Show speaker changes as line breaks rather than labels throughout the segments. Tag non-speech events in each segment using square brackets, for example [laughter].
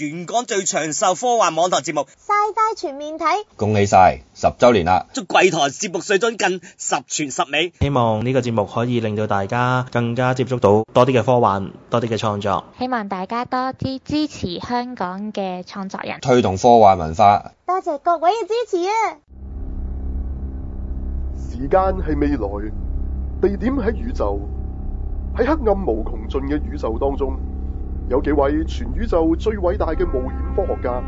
全港最長壽科幻網台節目，Sci-Fi 全面睇，恭喜晒十周年啦！祝貴台節目水準近十全十美，希望呢個節目可以令到大家更加接觸到多啲嘅科幻，多啲嘅創作，
希望大家多啲支持
香港嘅創作人，
推動科幻文化。
多謝各位嘅支持啊！
時間係未來，地點喺宇宙，喺黑暗無窮盡嘅宇宙當中。有幾位全宇宙最偉大嘅冒險科學家，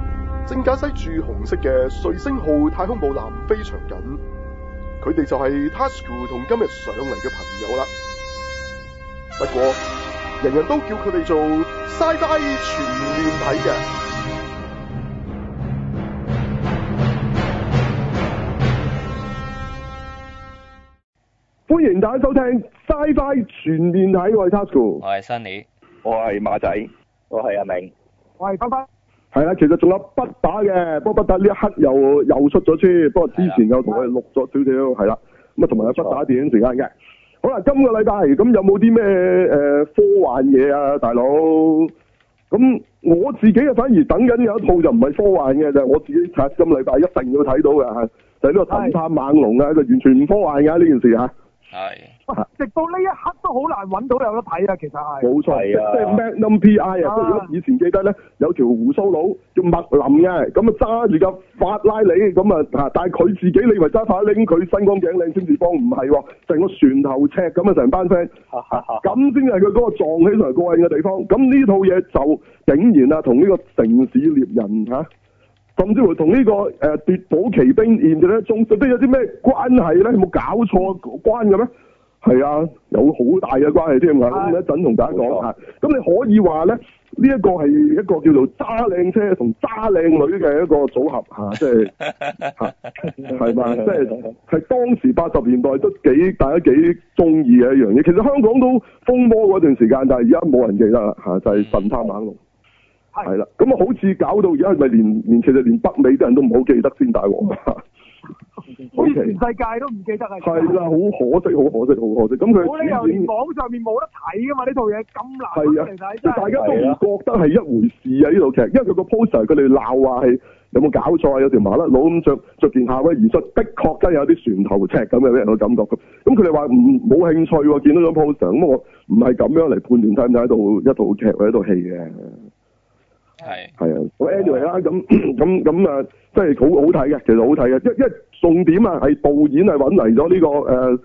正駕駛住紅色嘅瑞星號太空母艦非常緊。佢哋就係 Tasuku 同今日上嚟嘅朋友啦。不過，人人都叫佢哋做《Sci-Fi 全面睇》嘅。歡迎大家收聽《Sci-Fi 全面睇》，我係 Tasuku，
我係 Sunny，我係馬仔。我係
阿、啊、銘，我
係分分，係啦，其實仲有不打嘅，不過不打呢一刻又又出咗先，不過之前又同佢哋錄咗少少，係啦、啊，咁啊同埋、啊、有不打電影時間嘅，好啦，今個禮拜咁有冇啲咩誒科幻嘢啊，大佬？咁我自己啊反而等緊有一套就唔係科幻嘅，就係、我自己睇今禮拜一定要睇到嘅，就係呢個《神探猛龍》啊，就是、個是啊完全唔科幻嘅呢件事吓、
啊，係、啊。
直到呢一刻都好難揾到有得睇啊！其實係冇錯啊，即係咩 Magnum P.I. 啊！
以前記得咧有條胡鬚佬叫麥林嘅，咁啊揸住架法拉利咁啊嚇，但係佢自己你以為揸法拉利，佢身光頸靚先至方，唔係喎，成個船頭尺咁啊！成班 friend 咁先係佢嗰個撞起上嚟過癮嘅地方。咁呢套嘢就竟然啊，同呢個城市獵人嚇，甚至乎同呢個誒、呃、奪寶奇兵，甚至咧仲都有啲咩關係咧？有冇搞錯關嘅咩？係啊，有好大嘅關係添啊！咁一陣同大家講吓，咁你可以話咧，呢、這、一個係一個叫做揸靚車同揸靚女嘅一個組合吓，即係吓係嘛，即係係當時八十年代都幾大家幾中意嘅一樣嘢。其實香港都風靡嗰段時間，但係而家冇人記得啦吓、啊，就係、是、神探猛龍係啦。咁、嗯、啊，啊那好似搞到而家咪連連，其實連北美啲人都唔好記得先大鑊、啊好、
okay, 似全世界都唔記得啊！係啦，好
可惜，好可惜，好可惜。咁佢冇理由，的連網
上面冇得睇噶嘛？呢套嘢咁難睇，即大家都唔覺得
係一回事啊！呢套劇，因為佢個 poster 佢哋鬧話係有冇搞錯啊？有條麻甩佬咁着，着件夏威夷恤，的確真係有啲船頭尺咁嘅啲人嘅感覺。咁咁佢哋話唔冇興趣喎、啊，見到咁 poster 咁我唔係咁樣嚟判斷睇唔睇到一套劇或者套戲嘅。係係啊，anyway 啦咁咁咁啊～即係好好睇嘅，其實好睇嘅，因為因為重點啊，係導演係揾嚟咗呢個誒誒、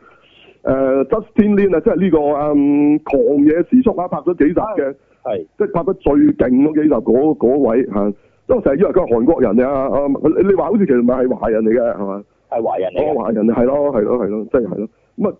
呃呃、Justin Lin 啊、這個，即係呢個啊狂野時速啊，拍咗幾集嘅，係即係拍得最勁嗰幾集嗰位嚇，都成日以為佢係韓國人嘅啊，你話好似其實唔係，係華人嚟嘅係嘛？係華人嚟、啊，華人係咯係咯係咯，即係係咯。咁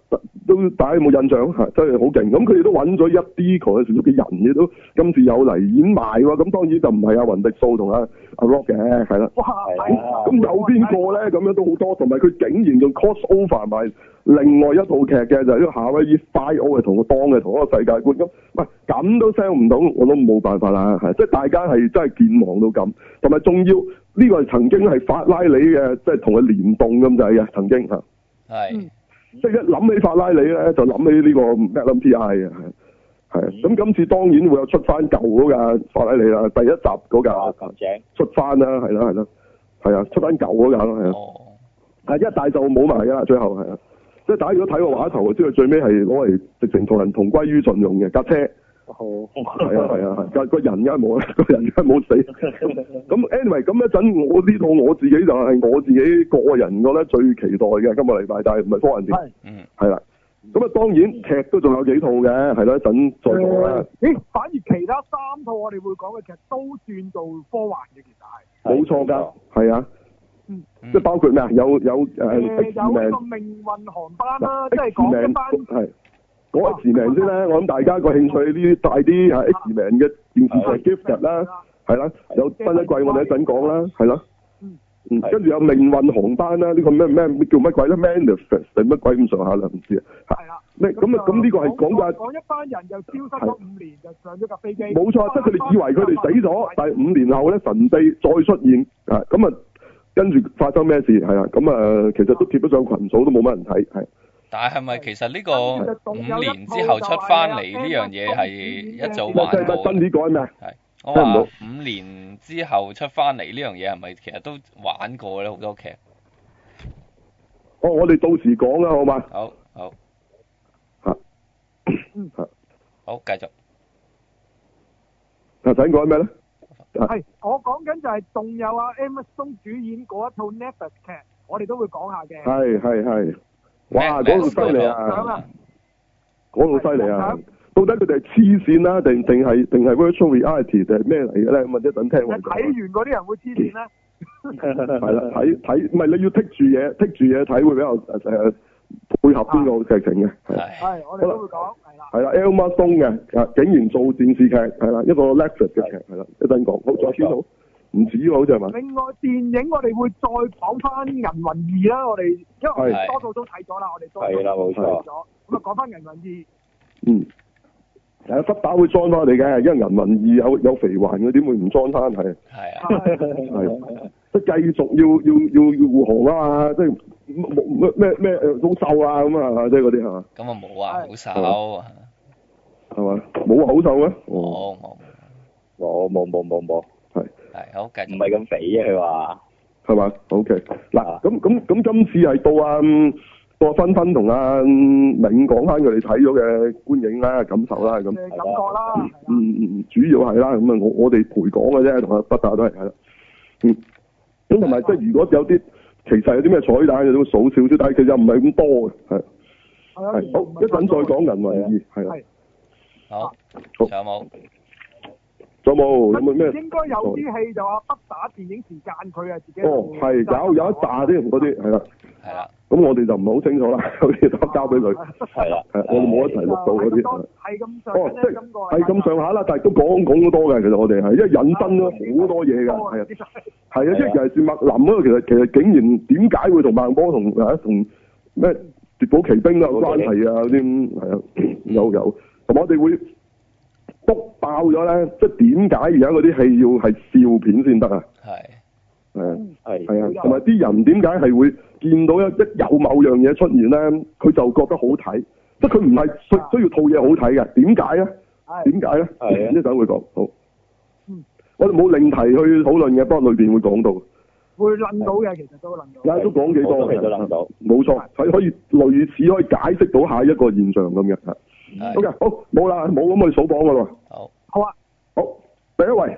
都大家有冇印象？吓，真係好勁！咁佢哋都揾咗一啲佢嘅人嘅都今次有嚟演埋喎，咁當然就唔係阿雲迪素同阿阿 Rock 嘅，係啦。
咁、嗯嗯、有邊個
咧？咁樣都好多，同埋佢竟然仲 cosover 埋另外一套劇嘅，就係夏威夷 f i 快奧啊，同個當嘅同一個世界觀咁，喂，係咁都 sell 唔到，我都冇辦法啦，吓！即係大家係真係健忘到咁，同埋仲要呢、這個係曾經係法拉利嘅，即係同佢聯動咁仔嘅，曾經吓。係。即係一諗起法拉利呢，就諗起呢個 Magnum P.I. 嘅，咁今、嗯、次當然會有出返舊嗰架法拉利啦，第一集嗰架，出返啦，係啦，係啦，係啊，出返舊嗰架咯，係啊，係、哦、一大集冇埋㗎噶，最後係啊，即係大家如果睇個話頭，知道最尾係攞嚟直情同人同歸於盡用嘅架車。好係啊係啊，但係個人梗係冇，個人梗係冇死。咁 Anyway，咁一陣我呢套我自己就係我自己個人覺得最期待嘅今個禮拜，但係唔係科幻片。係、啊、嗯，啦。咁啊，當然劇都仲有幾套嘅，係啦、啊，一陣再講啦。
咦、欸？反而其他三套我哋會講嘅劇都算做科幻嘅，其實係。冇錯噶，
係啊。嗯啊嗯、即係包括咩、呃呃、啊？有有誒，有呢個命運航班啦，即係講一班。我一時名先、啊啊、啦，我諗大家個興趣呢啲大啲嚇 X 名嘅電視劇，gift 啦，係、啊、啦、啊啊啊，有分一季，我哋一陣講啦，係啦。
嗯跟住有命運航
班啦，這個、鬼呢個咩咩叫乜鬼咧？Manifest 係乜鬼咁上下啦？唔知啊。係啦，
咩咁啊？咁呢個係講架講一班人又消失五年，就上咗架飛機。冇錯，即係佢哋以為佢哋死
咗，但係五年後咧，神秘再出現啊！咁啊，跟住發生咩事？係啊，咁啊，其實都貼咗上群組都冇乜人睇，係。
但係，係咪其實呢個五年之後出翻嚟呢樣嘢係一早玩過的？係我話五年之後出翻嚟呢樣嘢係咪其實都玩過咧？好多劇
哦，我哋到時講啦，好嘛？好，好，嗯，好，繼續。頭先講咩咧？係
我講緊就係仲有阿 Emma Stone 主演嗰一套 Netflix 劇，我哋都會講下嘅。係係
係。是是哇！嗰度犀利啊！嗰度犀利啊！到底佢哋係黐線啦，定定係定係 virtual reality 定係咩嚟嘅咧？咁啊，一陣聽。睇完嗰啲人會黐線啦係啦，睇睇唔係你要 tick 住嘢，tick 住嘢睇會比較誒、啊、配合邊個劇情嘅。係我哋都會講。係啦，Emma Stone 嘅啊，竟然做電視劇係啦，一個 Netflix 嘅劇係啦，一陣講。好，再轉到。唔止好似係咪？另
外，電影我哋會再講翻《銀魂2》啦。我哋因為多數都睇咗啦，我哋多數睇咗，咁啊講翻《
銀魂2》。嗯，係啊，不打會裝翻你嘅，因為《銀魂2》有有肥環嘅，點會唔裝翻？係係啊，係即係繼續要要要要護航啊嘛！即係咩咩咩好瘦啊咁啊即係嗰啲係嘛？
咁啊冇啊，好
瘦啊，
係嘛？冇、啊、好、啊、瘦嘅冇冇冇冇冇，係、哦。哦哦係、okay, 好、啊，唔係咁肥啫，佢話係嘛？O K，嗱咁咁咁，okay. 今次係到阿、啊、到阿、啊、芬芬同阿敏講翻佢哋睇咗嘅觀影啦、感受啦，咁感覺啦，嗯主要係啦，咁啊，我我哋陪講嘅啫，同阿不打都係，係啦，嗯，咁同埋即係如果有啲，其實有啲咩彩蛋有都數少少，但係其實唔係咁多嘅，係
好，一陣再講
銀魂，係好，冇？有冇有冇咩？應該有啲戲就話北
打電影時間佢啊，自己有有、啊嗯、哦，係有有一
炸啲嗰啲係啦，係啦。咁我哋就唔係好清楚啦，啊、有啲嘢交交俾佢係
啦。係我冇一齊錄到嗰啲。係咁上下咧，咁係咁上
下啦，但係都講講好多嘅。其實我哋係因為引申咗、啊、好多嘢㗎，係啊，係啊 OURT，即係尤其是麥林嗰個，其實其實竟然點解會同孟波同同咩奪寶奇兵啊有啲關係啊，嗰啲咁係啊有有。同我哋會。爆爆咗咧，即係點解而家嗰啲戲要係笑片先得啊？係係係啊，同埋啲人點解係會見到一一有某樣嘢出現咧，佢就覺得好睇，即係佢唔係需需要套嘢好睇嘅，點解咧？點解咧？一陣會講好，嗯、我哋冇另題去討論嘅，不過裏邊會講到，
會諗到嘅，其實都諗到，都講幾多嘅，其實都諗
到，冇錯，可可以類似可以解釋到下一個現象咁嘅吓。好嘅，好冇啦，冇咁去數榜噶咯。好，係嘛？好，第一位。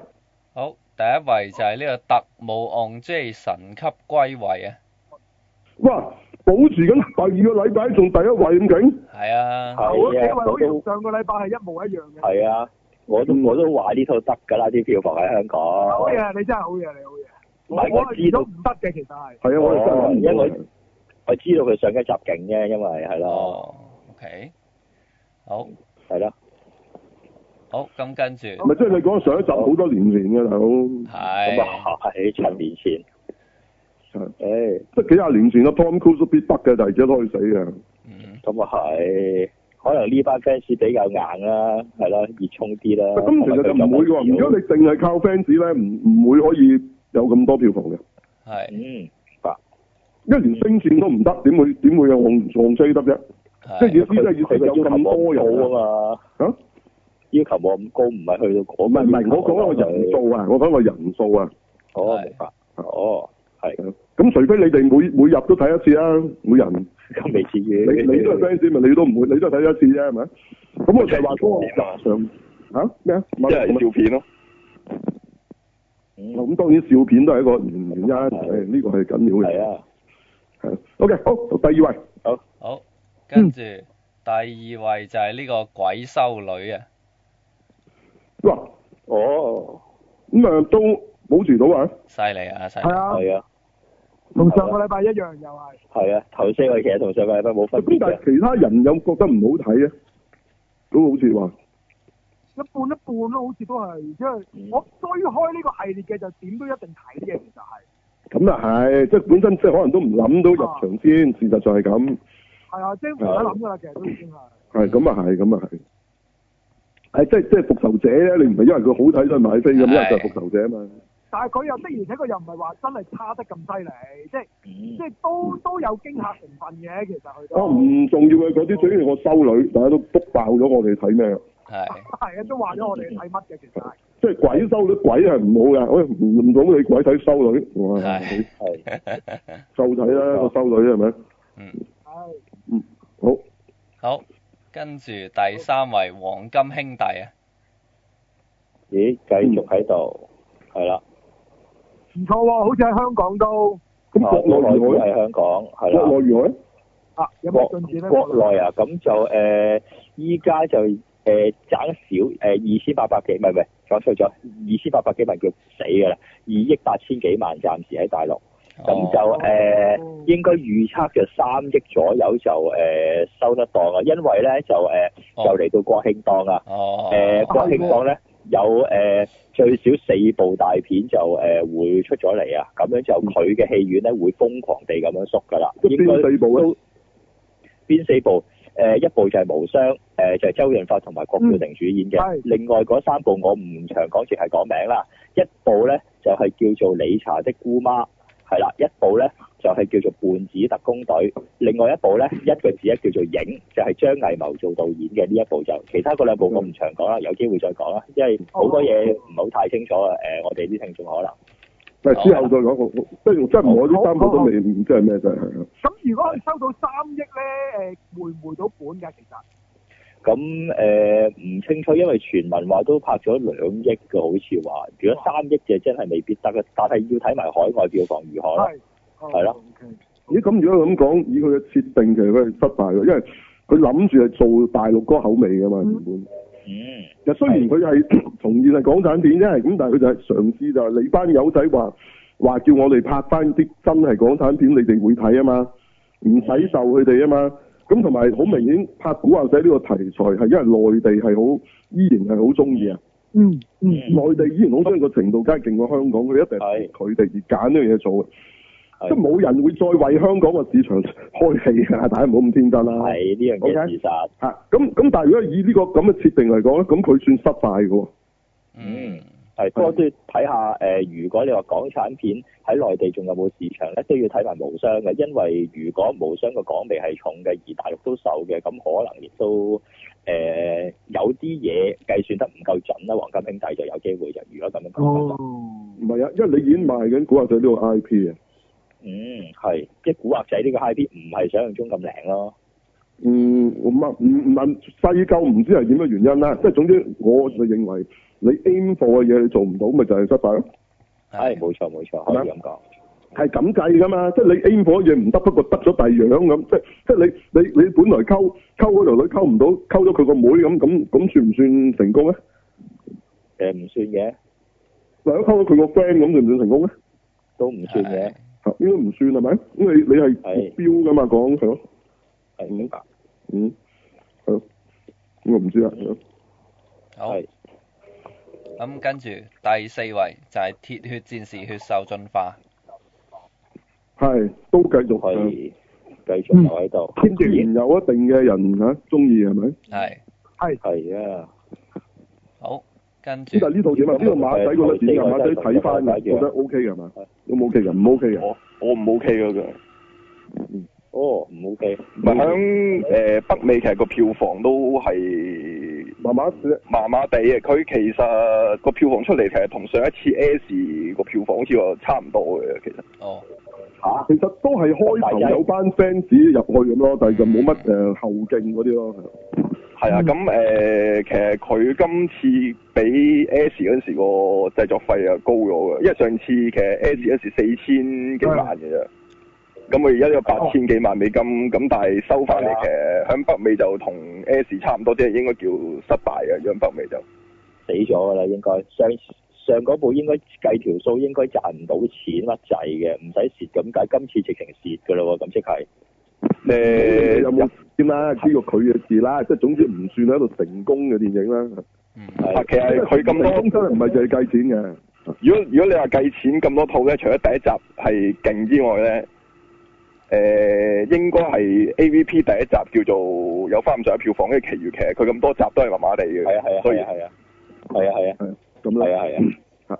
好，第一位就係呢個特務案即係神級歸位啊。
哇，保持緊第二個禮拜仲第一位咁勁。
係啊，係啊。上
個
禮拜係一模一樣
嘅。係啊，我都我都話呢套得噶啦，啲票房喺香港。好
嘢，你真係好嘢，你好嘢。唔係，我知道唔得嘅，其實係。係啊，我真
係，因為我我知道佢上一集勁啫，因為係咯。O K。好
係啦，
好咁跟住，咪即
係你講上一集好多年前嘅大佬，係咁啊喺七年前，係誒，即幾幾廿年前啦。Tom Cruise 必得嘅，但係只都可以死嘅。嗯，咁啊係，可能呢班 fans 比較
硬啦、啊，係啦，熱衷啲啦、啊。咁、啊、其實就唔會嘅，如果你
淨係靠 fans 咧，唔唔會可以有咁多票房嘅。係嗯因一連星戰都唔得，點、嗯、會點會有旺旺得啫？
是即係意思即係要成咁多人啊嘛？
要求我咁高，、啊啊、高，唔係去到嗰咩？唔係我講一個人數啊，我講個人數啊，啊。哦，明、啊、白。哦，係、啊。咁、哦啊哦啊哦啊、除非你哋每每日都睇一次啊，每人。咁未遲嘅。你你都係 fans 咪？你都唔會，你都係睇一次啫，係咪？咁我就係話嗰個。啊，咩啊？咪、啊啊啊係笑、片咯、啊。咁、啊啊啊就是啊嗯嗯、當然笑片都係一個原因，呢個係緊要嘅。係啊。啊啊啊、o、okay, K，好，第二位。好。
好。跟住、嗯、第二位就係呢個鬼修女啊！哇，
哦，咁啊都冇住到啊！
犀利啊，犀利！係啊，
同上個禮拜一樣又係。
係啊，
啊，啊，頭四個其實同上個禮拜冇分別，咁但係其他人有覺得唔好睇啊，都好似話一
半一半咯，好似都係，即係我追開呢個系列嘅就點都一定睇嘅，其實係
咁。咁啊係，即係本身即係可能都唔諗到入場先，啊、事實就係咁。係啊，即係唔使諗噶啦，其實都已經係。係咁啊，係咁啊，係。誒，即係即係復仇者咧，你唔係因為佢好睇先買飛咁，因為就係復仇者啊嘛。但
係佢又的而且佢又唔係話真係差得咁犀利，即係即係都都有驚嚇成分嘅，其
實佢都。哦，唔重要嘅嗰啲，最中意我修女，大家都 book 爆咗我哋睇咩？係。
係啊，都話咗
我哋睇乜嘅，其實。即係鬼修女，鬼係唔好嘅，我唔唔懂你鬼睇修女？係係。Yeah.
[laughs] 就睇
啦個修女係咪？嗯。Mm. 嗯，好，
好，跟住第三位黃金兄弟啊，
咦，繼續喺度，
係、嗯、啦，
唔錯喎，好
似喺香港都，
咁、嗯、國內喎，喺香
港，係啦，國內
喎，啊，有冇進展國內啊，
咁就誒，依、呃、家就誒賺、呃、少誒二千八百幾，咪、呃、咪，唔係，講錯咗，二千八百幾萬叫死噶啦，二億八千幾萬暫時喺大陸。咁就誒、oh. 呃、應該預測就三億左右就誒、呃、收得檔啊，因為咧就誒、呃 oh. 就嚟到國慶檔啊，
國慶檔咧
有誒、呃、最少四部大片就誒、呃、會出咗嚟啊，咁樣就佢嘅戲院咧會瘋狂地咁樣縮噶啦，應該都邊四部誒、呃？一部就係、是、無雙，誒、呃、就係、是、周潤發同埋郭富城主演嘅，oh. 另外嗰三部我唔長講住係講名啦，一部咧就係、是、叫做李茶的姑媽。係啦，一部咧就係叫做半子特工隊，另外一部咧一個字咧叫做影，就係張藝謀做導演嘅呢一部就，其他嗰兩部我唔長講啦，有機會再講啦，因為好多嘢唔係好太清楚啊，誒，我哋啲聽眾
可能，唔係之後再講，即係即係我啲三個都未唔知係咩真係。咁
如果佢收到三億咧，誒，回唔回到本噶？其實？
咁誒
唔清楚，因為傳聞話都拍咗兩億嘅，好似話，如果三億就真係未必得嘅，但係要睇埋海外票房如何啦，
係咯。咦？咁、哦 okay, okay. 如果咁講，以佢嘅設定，其實佢係失敗嘅，因為佢諗住係做大陸嗰個口味㗎嘛原本、嗯。
嗯。
雖然佢係從現實港產片啫咁，但係佢就係嘗試，就係你班友仔話話叫我哋拍翻啲真係港產片，你哋會睇啊嘛，唔使受佢哋啊嘛。嗯咁同埋好明顯，拍古惑仔呢個題材係因為內地係好依然係好中意啊。嗯嗯，嗯，內地依然好中意個程度，梗係勁過香港，佢一定係佢哋而揀呢樣嘢做嘅，即係冇人會再為香港個市場開氣啊！大家唔好咁天真啦。係呢樣嘢，okay? 嗯，咁而咁咁，但係如果以呢、呢個咁嘅設定嚟講咧，咁佢算失敗㗎喎。嗯。
係，不過都要睇下誒。如果你話港產片喺內地仲有冇市場咧，都要睇埋無雙嘅。因為如果無雙個港味係重嘅，而大陸都受嘅，咁可能亦都誒有啲嘢計算得唔夠準啦。黃金兄弟就有機會就如果咁樣講。
哦，唔係啊，因
為你已經賣緊《古惑仔》呢個 IP 啊。嗯，
係，即係《古惑仔》呢個 IP 唔係
想象中咁靚咯。嗯，我唔啊，唔唔問細究唔知係點嘅原因啦。即係總之，我就認為你 A 貨嘅嘢你做唔到，咪就係失敗咯。
係，冇錯冇錯，
可以咁講。係咁計噶嘛，即係你 A 貨嘅嘢唔得，不過得咗第二樣咁，即即係你你你本來溝溝嗰條女溝唔到，溝咗佢個妹咁，咁咁算唔算成功咧？誒，唔算嘅。嗱，溝咗佢個 friend 咁，算唔算成功咧？都唔算嘅。應該唔算係咪？因為你係目標噶嘛，講係咯。係明白，好，我唔知啊，
好，咁、嗯、跟住第四位就係、是、鐵血戰士血獸進化，
係都繼續可以繼續留喺度，天、嗯、然有一定嘅人啊中意係咪？
係係
啊，好，跟住但係呢套嘢嘛，呢、這個馬仔覺得點啊？馬仔睇翻啊，覺得 O K 嘅嘛？咁 O K 嘅唔 O K 嘅？我我唔 O K 嘅佢。哦、oh，唔 OK，唔響誒北美其實個票房都係麻麻麻麻地嘅，佢其實個票房出嚟其實同上一次 S 個票房好似話差唔多嘅，其實，oh, 其實哦吓、啊，其實都係開頭有班 fans 入去咁咯，但係就冇乜誒後勁嗰啲咯。係 [laughs] 啊，咁誒、呃，其實佢今次比 S 嗰時個製作費又高咗嘅，因為上次其實 S 嗰時四千幾萬嘅啫。咁佢而家有八千幾萬美金，咁、哦、但係收翻嚟嘅喺北美就同 S 差唔多啫，應該叫
失敗啊！喺北美就死咗㗎啦，應該上上嗰部應該計條數應該賺唔到錢乜滯嘅，唔使蝕咁解今次直情蝕㗎咯喎，咁即係
你有冇先啦？知個佢嘅事啦，即係、啊、總之唔算喺度成功嘅電影啦、啊嗯。其實佢咁多，真係唔係淨係計錢嘅。如果如果你話計錢咁多套咧，除咗第一集係勁之外咧。誒，應該係 A V P 第一集叫做有翻咁上下票房的，跟奇其餘佢咁多集都係麻麻地嘅。係啊係啊，所以係啊，係啊係啊，係咁係啊係啊，吓、啊啊啊嗯，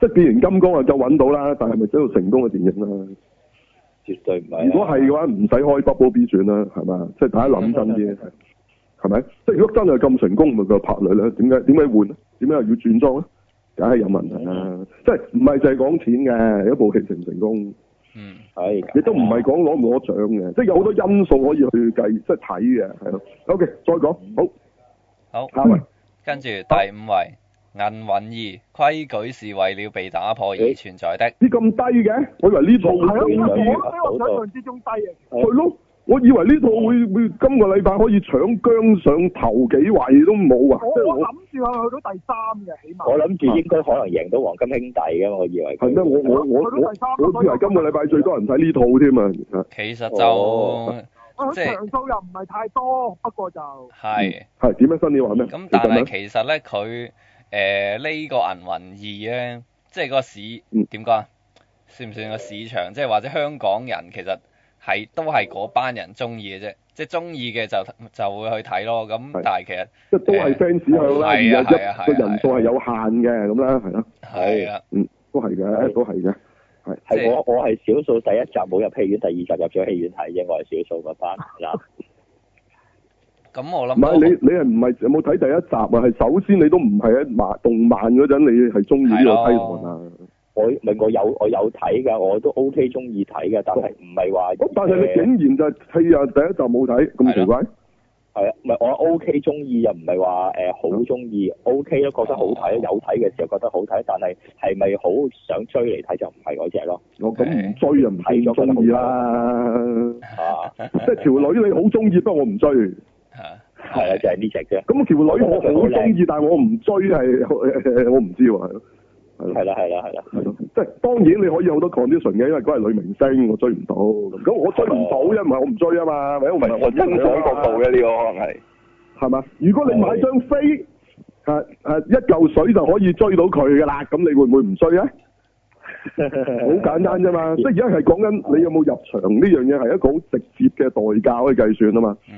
即係變形金剛啊，就搵到啦。但係咪需要成功嘅電影啦絕
對唔係。如果係嘅話不用，
唔使開 Bumblebee 轉啦，係嘛？即係大家諗真啲，係咪、啊啊？即係如果真係咁成功，咪、就、佢、是、拍女咧？點解點解換？點解又要轉裝咧？梗係有問題啦、啊啊。即係唔係就係講錢嘅一部戲成唔成功？嗯，係，亦都唔係講攞唔攞獎嘅，即係有好多因素可以去計，即係睇嘅，係咯。O、okay, K，再講，好，
好，啱、嗯、啊。跟住第五位，銀魂2，規矩是為了被打破、欸、而存在的。你
咁
低嘅，我以為呢套係啊，為我
想像之中低係、嗯、
咯。我以為呢套會會今個禮拜可以搶姜上頭幾位都冇啊！我諗住我去
到第三嘅，起碼。我諗住應
該可能贏到黃金兄弟嘅，我以為。係咩？我我我我三我以為今個禮拜最多人睇呢套添啊！
其實就
即上、哦就是，長數又唔係太多，不過就
係
係點樣？新你話
咩？
咁、嗯、但係其實咧，佢誒、呃這個、呢個銀魂2咧，即係個市點講啊？算唔算個市場？即係或者香港人其實。係都係嗰班人中意嘅啫，即係中意嘅就就會去睇咯。咁但係其實都係
fans 向啦，係、嗯、啊係啊係啊，人數
係有限嘅咁啦，係咯、啊。係啊，嗯，
都係嘅、啊，都係嘅。係係、啊、我我係少數第一集冇入戲院，第二集入咗戲院睇，
我係少數嗰班人。咁、 [laughs] 啊、我諗唔係你
你係唔係有冇睇第一集啊？係首先你都唔係喺漫動漫嗰陣，你係中意呢個批
岸啊？
我我有我有睇㗎，我都 O K 中意
睇㗎，但係唔係話。咁、呃、但係你竟然就
係啊第一集
冇睇，咁奇怪？
係啊唔係。我 O K 中意又唔係話誒好中意，O K 都覺得好睇、啊，有睇嘅時候覺得好睇，但係係咪好想追嚟睇就唔係嗰隻咯？
我咁唔追又唔係中意啦，吓 [laughs] 即係條女你好中意，不過我唔追。係、 [laughs] 就是那個呃、啊，就係呢
隻啫。咁條女我好中
意，但係我唔追係我唔知喎。係啦，係啦，係啦，係咯，即係當然你可以好多 condition 嘅，因為嗰係女明星，我追唔到。咁我追唔到，因、哦、唔係我唔追啊嘛，係我唔係欣賞角度嘅呢個是，可能係係嘛？如果你買張飛、啊啊，一嚿水就可以追到佢嘅啦，咁你會唔會唔追咧？好 [laughs] 簡單啫嘛，即係而家係講緊你有冇入場呢樣嘢，係一個好直接嘅代價可以計算啊嘛、這個。嗯，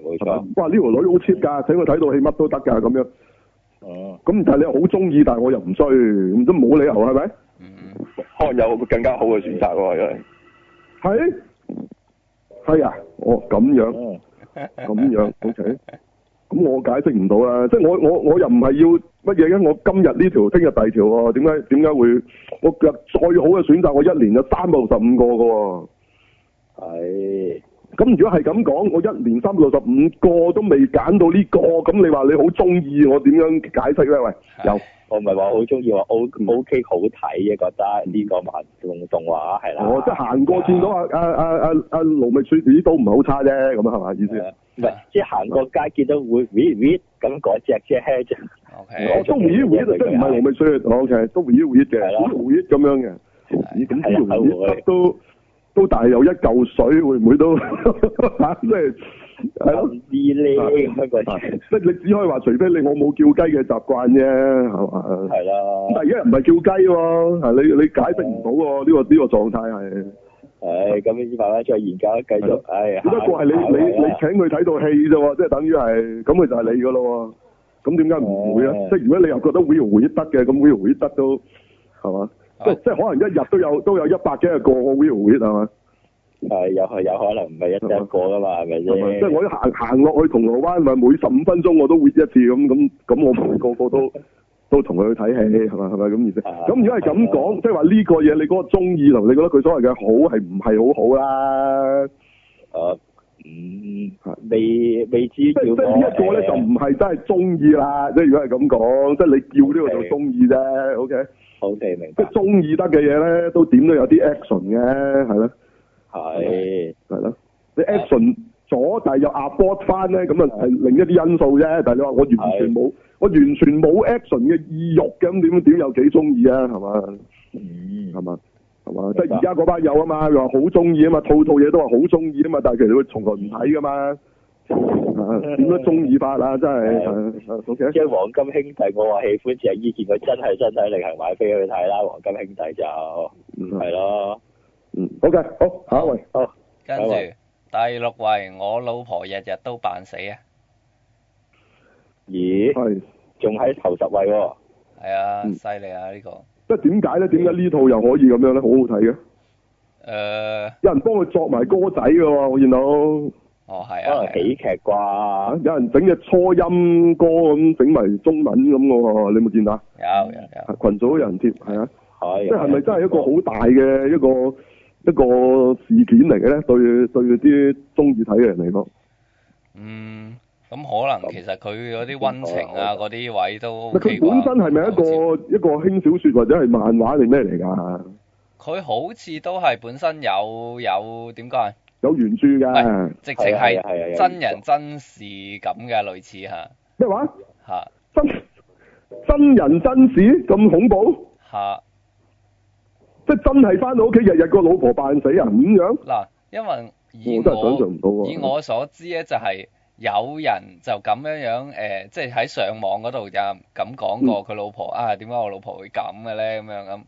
係冇錯。哇！呢條女好 cheap 㗎，請我睇到戲乜都得㗎咁樣。哦，咁但係你好中意，但係我又唔衰，咁都冇理由係咪？嗯，可能有個更加好嘅選擇喎，因為係係啊，
哦咁樣，
咁、哦、樣，O K，咁我解釋唔到啦，即係我我我又唔係要乜嘢嘅，我今日呢條，聽日第二條喎，點解點解會我最最好嘅選擇，我一年有三百六十五個嘅喎，係。咁如果係咁講，我一年三百六十五個都未揀到呢，這個，咁你話你好中意我點樣解釋咧？喂，有我唔係話好中意，我 OK 好睇嘅，
覺得呢個漫動動畫係啦。我即係行過見到阿
阿阿阿阿盧
覓雪，咦都唔好差啫，咁係嘛意思？
唔係，即係行過街見到會 meet meet 咁
嗰隻啫，就、okay，我都唔知。meet meet 即唔係盧覓雪我 OK，都唔 meet meet 嘅，好 meet 咁樣嘅，都。都但係有一嚿水，會唔會都嚇？即係唔知你開個即係你只可以話，除非你我冇叫雞嘅習慣啫，係嘛？係啦、啊。但而家唔係叫雞喎、哦，你你解釋唔到喎。呢個呢個狀態係。誒，咁你慢慢再研
究，一繼續。係啊。只不過係你、啊、你你、啊、你
請佢睇套戲啫喎，即係等於係咁，佢就係你嘅咯。咁點解唔會咧？即係如果你又覺得會回憶得嘅，咁會回憶得都係嘛？即係可能一日都有都有一百幾個 view，嗰啲係嘛？係、嗯啊、有係有可能唔係一一個噶嘛，係咪先？即我一行行落去銅鑼灣，咪每十五分鐘我都會一次咁，咁咁我個個都 [laughs] 都同佢去睇戲，係咪？係咪咁意思。咁、啊、如果係咁講，即係話呢個嘢你嗰個中意同你覺得佢所謂嘅好係唔係好好啦？誒、啊，嗯，未未知。即係呢一個咧就唔係真係中意啦。 [laughs] 即如果係咁講，即你叫呢個就中意啫。O K。好嘅，明白。即係中意得嘅嘢咧，都點都有啲 action 嘅，係啦，係係啦，你 action 左，但係又 abort 翻咧，咁啊係另一啲因素啫。但係你話我完全冇，我完全冇 action 嘅意欲，咁點點又幾中意啊？係嘛、嗯，係嘛，係嘛。即係而家嗰班友啊嘛，又話好中意啊嘛，套套嘢都話好中意啊嘛，但係其實佢從嚟唔睇噶嘛。點都中意法啊！真係，嗯、 [laughs] 啊，啊 okay. 即
係黃金兄弟，我話喜歡只係 [laughs] 以前佢真係身體力行買飛去睇啦。黃金
兄弟就，嗯，係咯，嗯，OK，
好，下一位，好、啊，
跟、啊、住、啊、第六位，我老婆日日都扮死啊，
咦，
係，仲喺頭十位
喎，係啊，犀利啊呢、啊嗯這個，
即係點解咧？點解呢套又可以咁樣咧？好好睇嘅，誒、呃，有
人幫佢作埋歌仔嘅
喎，我見到。哦，係啊，可能喜劇啩？有人整嘅初音歌咁整埋中文咁嘅，你有冇見到？
有
有有，群組有人貼，係啊，即係咪真係一個好大嘅一個、嗯、一個事件嚟嘅咧？對對啲中意睇嘅人嚟講，嗯，
咁可能其實佢嗰啲溫情啊 OK、嗯，嗰啲位都，但佢本身
係咪一個一個輕小說或者係漫畫定咩嚟噶？
佢好似都係本身有有點解？
有原著噶，直情係真人
真事咁嘅，類似吓。
咩話？
吓、
啊、真真人真事咁恐怖？吓、啊，即係真係返到屋企日日個老婆扮死人咁樣。
嗱，因為以我、我、
啊、以我
所知咧，就係有人就咁樣樣誒，即係喺上網嗰度就咁講過佢老婆、嗯、啊，點解我老婆會咁嘅咧？咁樣咁、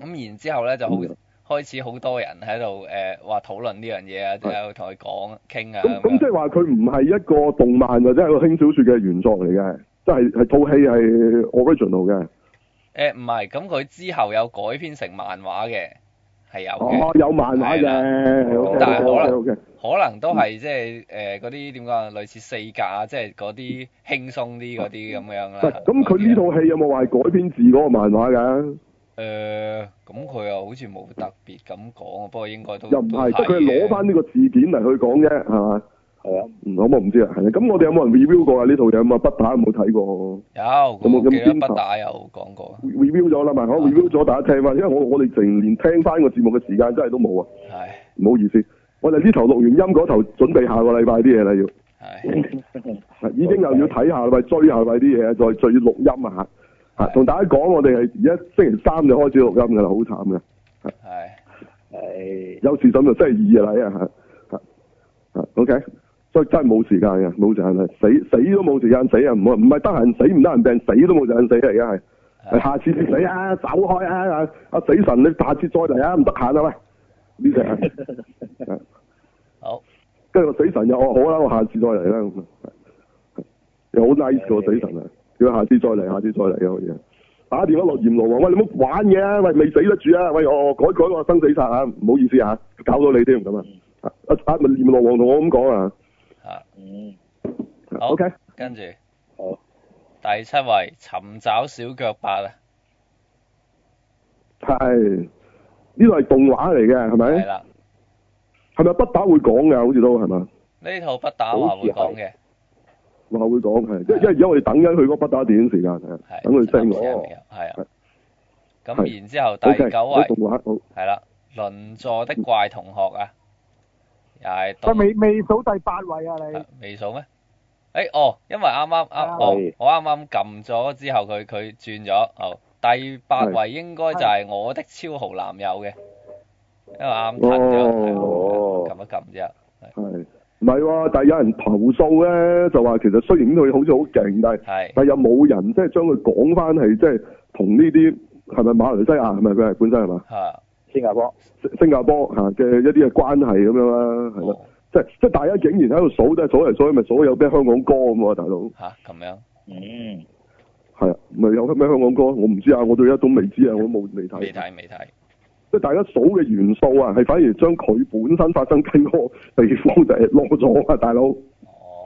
咁，然之後咧就好。嗯開始好多人喺度誒話討論呢樣嘢啊，都有同佢講傾啊。咁即
係話佢唔係一個動漫，或者係一個輕小說嘅原作嚟嘅，即係係套戲係 original 嘅。
誒唔係，咁佢之後有改編成漫畫嘅，係有嘅、哦、
有漫畫嘅，係嘅 OK，但係可
能 OK，可能都係、嗯、即係誒嗰啲點講啊，類似四格啊，即係嗰啲輕鬆啲嗰啲咁樣啊。咁佢呢
套戲有冇話改編自嗰個漫畫㗎？
誒、呃，咁佢又好似冇特別咁講，不過應該都又唔係，即佢係攞翻
呢個字典嚟去講啫，係嘛？係啊，唔、嗯，我唔知啊。咁我哋有冇人 review 過啊？呢套嘢咁啊，北打冇睇過
有，有冇咁邊北打有講過
review 了了啊我？review 咗啦，咪我 review 咗大家聽嘛？因為我我哋成年聽翻個節目嘅時間真係都冇啊。係。唔好意思，我哋呢頭錄完音嗰頭準備下個禮拜啲嘢啦要。係、啊。 [laughs] 已經又要睇下啦，追下啲嘢，再再錄音啊嚇。同大家講，我哋係而家星期三就開始錄音噶啦，好慘嘅。係
係
有事做就星期二啊啦，依吓。o、okay？k 所以真係冇時間嘅，冇時間啦，死死都冇時間，死冇時間死，死冇時間死啊！唔唔係得閒，死唔得閒病，死都冇時間，死嚟嘅係。下次死啊，走開啊！阿死神，你下次再嚟啊！唔得閒啊喂，呢隻啊。好 [laughs]
是，
跟 [laughs] 住死神又話好啦，我下次再嚟啦咁。又好 nice 個死神啊！下次再嚟，下次再嚟嘅嘢。打電話落閻羅王，喂，你唔好玩嘢，啊，喂，未死得住啊，喂，哦，改改個生死殺啊，唔好意思啊，搞到你添咁啊。阿阿咪閻羅王同我咁講啊。啊，
啊嗯。O K，跟住。好。第七位尋找小腳八啊。
係。呢個係動畫嚟嘅，係咪？係啦。係咪不，不打會講嘅？好似都係嘛。
呢套不打話會講嘅。
我後會講，係即係即係，因為等緊佢嗰不打電影時間係，等
佢升我，係啊。咁然之後第九位係啦，鄰座的怪同學啊，又係。我未未
數第八位啊，你
未數咩？誒哦，因為啱啱啱哦，我啱啱撳咗之後，佢佢轉咗，好，第八位應該就係我的超豪男友嘅，因為啱撳咗，係啊，撳一撳啫，
係。唔係喎，但係有人投訴咧，就話其實雖然佢好似好勁，但係但係有冇人即係將佢講翻係即係同呢啲係咪馬來西亞係咪佢係本身係嘛？係新加坡，新加坡嚇嘅一啲嘅關係咁樣啦，係咯、哦，即係即係大家竟然喺度數，即係數嚟數去咪所有咩香港歌咁喎，大佬
嚇咁樣，嗯
係啊，咪有啲咩香港歌我唔知啊，我到而家都未知啊，我冇未睇，
未睇未睇。未睇未睇未睇
即係大家數嘅元素啊，係反而將佢本身發生緊嗰個地方就攞咗啊，大佬。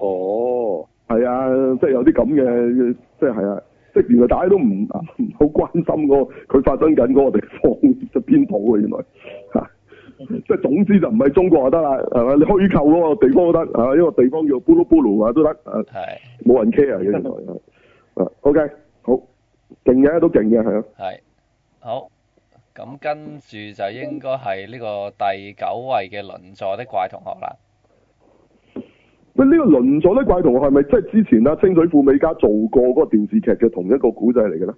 哦，係啊，即、就、係、是、有啲咁嘅，即係係啊，即係原來大家都唔好關心嗰個佢發生緊嗰個地方嘅邊度啊，原來即係、啊、 [laughs] 總之就唔係中國就得啦，係嘛？你虛構嗰個地方都得，係、啊、嘛？呢個地方叫布魯布魯啊都得啊，係冇人 care 啊，原來 [laughs] o、okay，k 好勁嘅都勁嘅係啊，
係好。咁跟住就應該係呢個第九位嘅鄰座的怪同學啦。
喂，呢個鄰座的怪同學係咪即係之前啊清水富美加做過嗰個電視劇嘅同一個古仔嚟嘅咧？
誒、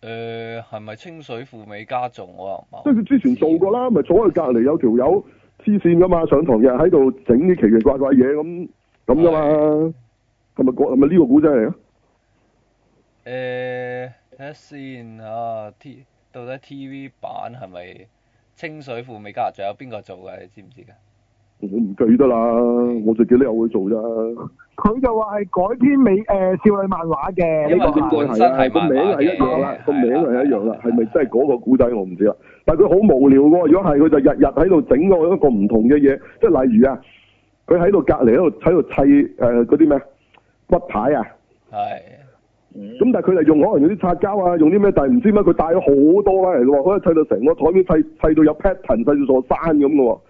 呃，係咪清水富美加做啊？即係佢
之前做過啦，咪坐喺隔離有條友黐線噶嘛，上堂日喺度整啲奇奇怪怪嘢咁咁噶嘛？係咪係咪呢個古仔嚟啊？
睇下先啊。到底 TV 版係咪清水富美加仲有邊個做嘅？你知唔知㗎？我
唔記得啦，我就記得有佢做啫。
佢就話係改編美誒、呃、少女漫畫嘅，應該係啊，係、嗯、個、嗯、名係一樣啦，個、
嗯嗯嗯、名係一樣啦。係、嗯、咪真係嗰個故仔我唔知啦。但係佢好無聊喎。如果係佢就日日喺度整嗰一個唔同嘅嘢，即係例如啊，佢喺度隔離喺度喺度砌誒嗰啲咩骨牌啊。係、哎。咁、嗯、但係佢哋用可能有啲擦膠啊，用啲咩？但係唔知乜，佢帶咗好多啦嚟嘅喎，砌到成個台面砌砌到有 pattern 砌到座山咁嘅
喎。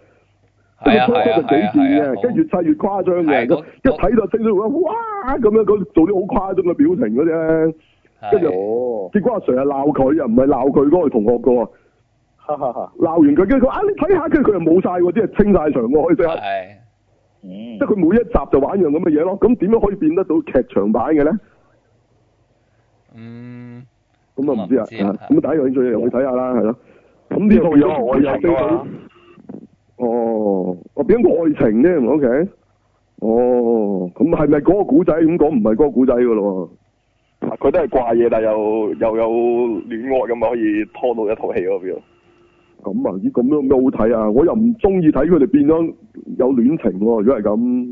係係係。即就幾字嘅，跟住越
砌越誇張嘅。一睇就清咗，哇咁樣，佢做啲好誇張嘅表情嘅啫。
跟住
結果阿、哦啊、Sir 又鬧佢，又唔係鬧佢嗰個同學嘅。哈哈鬧完佢，跟住佢啊，你睇下佢，佢又冇晒喎，即係清晒場喎，可以睇下。
係。佢
每一集就玩一樣咁嘅嘢咯，咁點樣可以變得到劇場版嘅咧？嗯，咁啊唔知啊，咁第、嗯嗯、一、嗯、樣嘢最嘢我睇下啦，係咯，咁呢套嘢我有驚到，哦，我變咗愛情咧、啊、，OK，哦，咁係咪嗰個古仔咁講？唔係嗰個古仔噶咯，佢都係怪嘢，但係又又有戀愛咁可以拖到一套戲嗰邊。咁啊，咦，咁樣咩好睇啊？我又唔中意睇佢哋變咗有戀情喎，如果係咁。誒、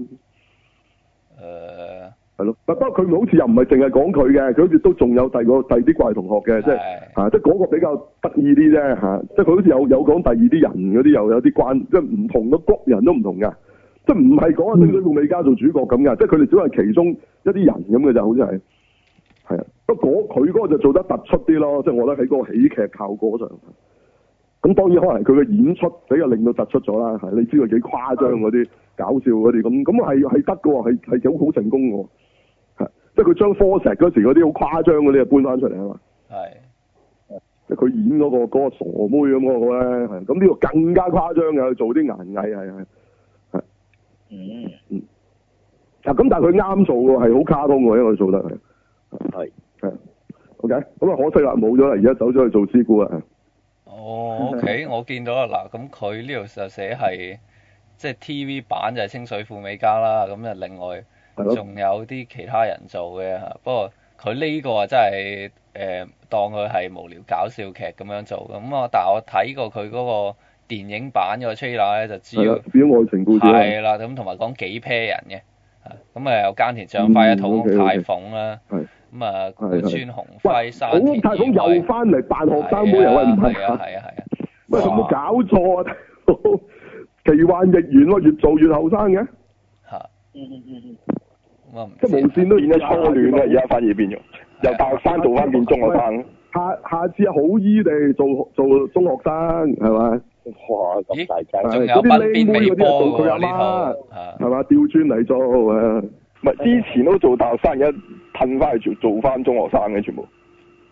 呃。係咯，但不過佢好似又唔係淨係講佢嘅，佢好似都仲有第二個第二啲怪同學嘅，即係吓，即係嗰個比較得意啲啫吓，即係佢好似有有講第二啲人嗰啲又有啲關，即係唔同個谷人都唔同噶，即係唔係講阿孫女烏美加做主角咁噶，即係佢哋只係其中一啲人咁嘅就好似係，係啊，不過佢嗰個就做得突出啲咯，即係我覺得喺嗰個喜劇效果上，咁當然可能係佢嘅演出比較令到突出咗啦，係你知道幾誇張嗰啲搞笑嗰啲咁，咁係係得噶喎，係係好成功噶。即係佢將 Fourze 嗰時嗰啲好誇張嗰啲啊搬翻出嚟啊嘛，係，即係佢演嗰個嗰個傻妹咁嗰個咧，係咁呢個更加誇張嘅，做啲顏藝係係係，嗯嗯，啊咁但係佢啱做喎，係好卡通嘅。因為佢做得係係，OK，咁啊可惜啦，冇咗啦，而家走咗去做師姑啦，
哦、oh, OK， [laughs] 我見到啦，嗱咁佢呢度就寫係即係 TV 版就係清水富美加啦，咁啊另外。仲有啲其他人做嘅，不過佢呢個啊真係誒當佢係無聊搞笑劇咁樣做咁啊！但我睇過佢嗰個電影版個 trailer 呢就知啊，主要愛情
故事係啦，
咁同埋講幾 pair 人嘅，咁、嗯嗯 okay, okay, 啊有菅田將輝有土屋太鳳啦，咁啊古川雄輝山田，土屋
太鳳又翻嚟扮學生妹，又係唔係啊？係啊係啊係啊係喂，有冇搞錯啊？奇幻逆緣咯，越做越後生嘅
嚇，嗯嗯嗯嗯。 [laughs] 即係無線都已經初
戀嘅，而家反而變咗，由大學生做翻變中學生。下次下次啊，好醫地做做中學生係咪？哇，咁大劑！仲有啲靚妹嗰啲啊，做佢阿媽係嘛？調轉嚟，做唔係之前都做大學生，一褪翻去做返翻中學生嘅全部。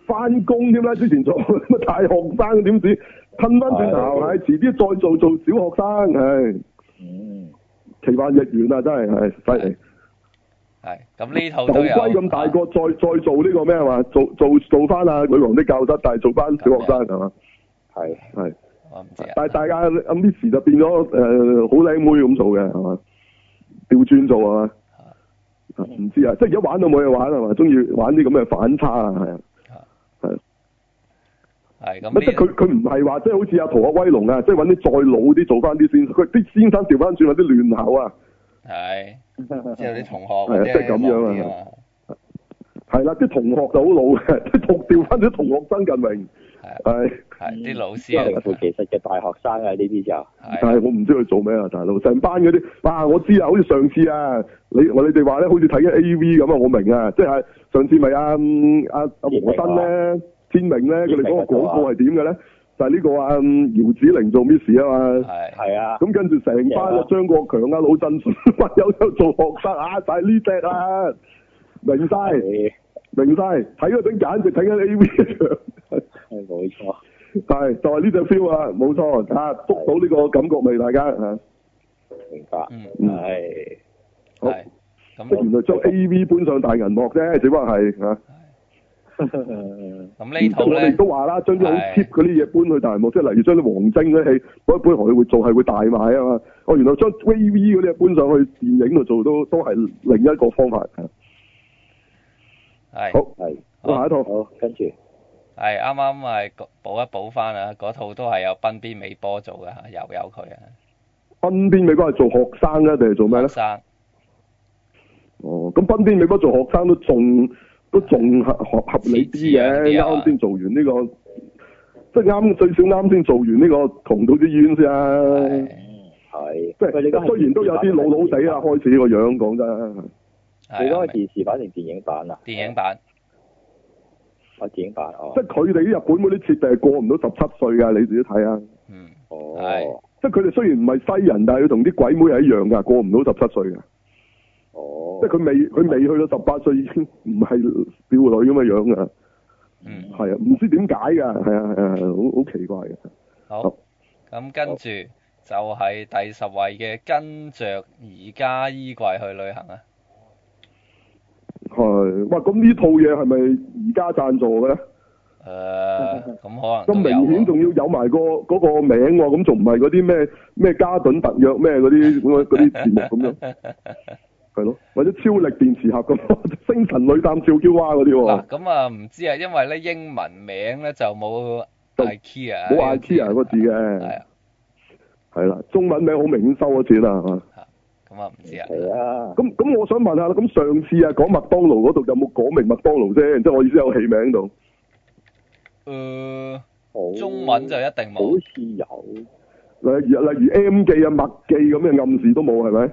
翻工點解？之前做乜 [laughs] 大學生點知褪翻轉頭？係遲啲再做做小學生。唉、嗯，奇幻日圓啊，真係係犀利。是
咁呢套都有。龜咁大
個、啊，再再做呢個咩嘛？做做做翻啊！女王的教室，但係做翻小學生係
嘛？係係。
但係大家 Miss 就變咗誒，好靚妹咁做嘅係嘛？調轉做啊？唔知啊，知即係而家玩到冇嘢玩係嘛？中意玩啲咁嘅反
差啊，係啊係。係咁。
即係佢佢唔係話即係好似阿逃學威龍啊？即係搵啲再老啲做翻啲先，佢啲先生調翻轉有啲亂口啊。
係。即係啲同學，即係咁樣啊！
係啦、啊，啲、啊、同學就好老嘅，啲同調翻啲同學生近榮，係
係啲老師嚟做
技術嘅大學生啊！呢啲就，但係、啊啊、我唔知佢做咩啊，大佬，成班嗰啲，哇、啊！我知啊，好似上次啊，你我你哋話咧，好似睇緊 A V 咁啊，我明啊，即係上次咪阿阿阿黃生咧、天明咧、啊，佢哋講個廣告係點嘅咧？就係、是、呢個啊，姚子羚做 Miss 啊嘛，係係啊，咁跟住成班啊，啊張國強老鎮啊老曾，乜 [laughs] 都有做學生啊，就係呢隻啊，明晒、啊，明晒，睇嗰種簡直睇緊 AV 場、啊，係冇錯，係、啊、就係呢隻 feel 啊，冇錯，嚇、啊啊，捉到呢個感覺未，大家嚇？明白、啊，嗯，
係、啊嗯
啊，
好，咁係、啊、原來將 AV 搬上大銀幕啫，只不過係嚇。
咁呢
套我哋都話啦，將啲好 cheap
嗰啲嘢搬去大幕，即係例如將啲黃晶嗰啲一搬搬落會做係會大賣啊嘛。哦，原來將 V V 嗰啲嘢搬上去電影度做都都係另一個方法。係。好。係。下一套。好。跟
住。係啱啱係補一補翻啊！嗰套都係有奔邊美波做嘅，又有佢啊。
奔邊美波係做學生咧定係做咩咧？學生。哦，咁奔邊美波做學生都仲～都仲合合合理啲嘅，啱先做完呢、呢個，啊、即係啱最少啱先做完呢個同道之，同到啲院先啊。嗯，係，即係雖然都有啲老老死啊，開始個樣講真。你嗰個電視版定電影版
啊？電影版。啊，電影版哦。即係
佢哋啲日本嗰啲設定係過唔到十七歲噶，你自己睇啊。嗯，哦，係。即係佢哋雖然唔係西人，但係佢同啲鬼妹係一樣噶，過唔到十七歲噶。哦，即係佢未，佢未去到十八歲，已經唔係表女咁嘅樣啊，嗯，係啊，唔知點解噶，係啊，係啊，好好奇怪嘅。
好，咁、哦嗯、跟住就係第十位嘅，跟着宜家衣櫃去旅行啊。
係，哇！咁呢套嘢係咪宜家贊助嘅咧？誒、呃，咁、嗯
嗯嗯、可能咁明
顯仲要有埋、個嗰個名，咁仲唔係嗰啲咩咩加頓特約咩嗰啲嗰啲節目咁樣。 [laughs] 係咯，或者超力電磁盒咁，星辰女探照嬌娃嗰啲喎。
咁啊，唔知啊，因為咧英文名咧就冇 IKEA，冇
IKEA 嗰字嘅。係啊，係啦、啊，中文名好明顯收咗錢啦，係嘛。
咁啊唔知啊。係啊，
咁咁、啊、我想問下啦，咁上次啊講麥當勞嗰度有冇講明麥當勞啫？即、就、係、是、我意思有戲名度。誒、嗯，
中文就一定冇。哦、好似有。例如例如 M 記
啊麥記咁嘅暗示都冇係咪？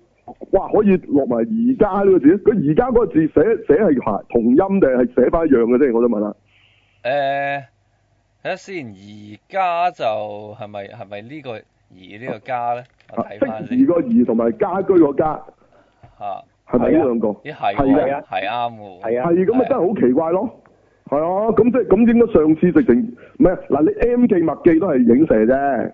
哇！可以落埋而家呢個字，佢而家嗰個字寫寫係同音定係寫翻一樣嘅啫，我想問、uh, 下。
誒、就是，睇下先，而家就係咪係咪呢個而呢個家
咧？係個而同埋家居個家。係咪呢兩個？係啊，
係啱喎。係啊，係咁啊，真係好奇
怪咯。係 [laughs] 啊，咁即係咁，嗯、應該上次直情咩？嗱，你 M 記麥記都係影射啫。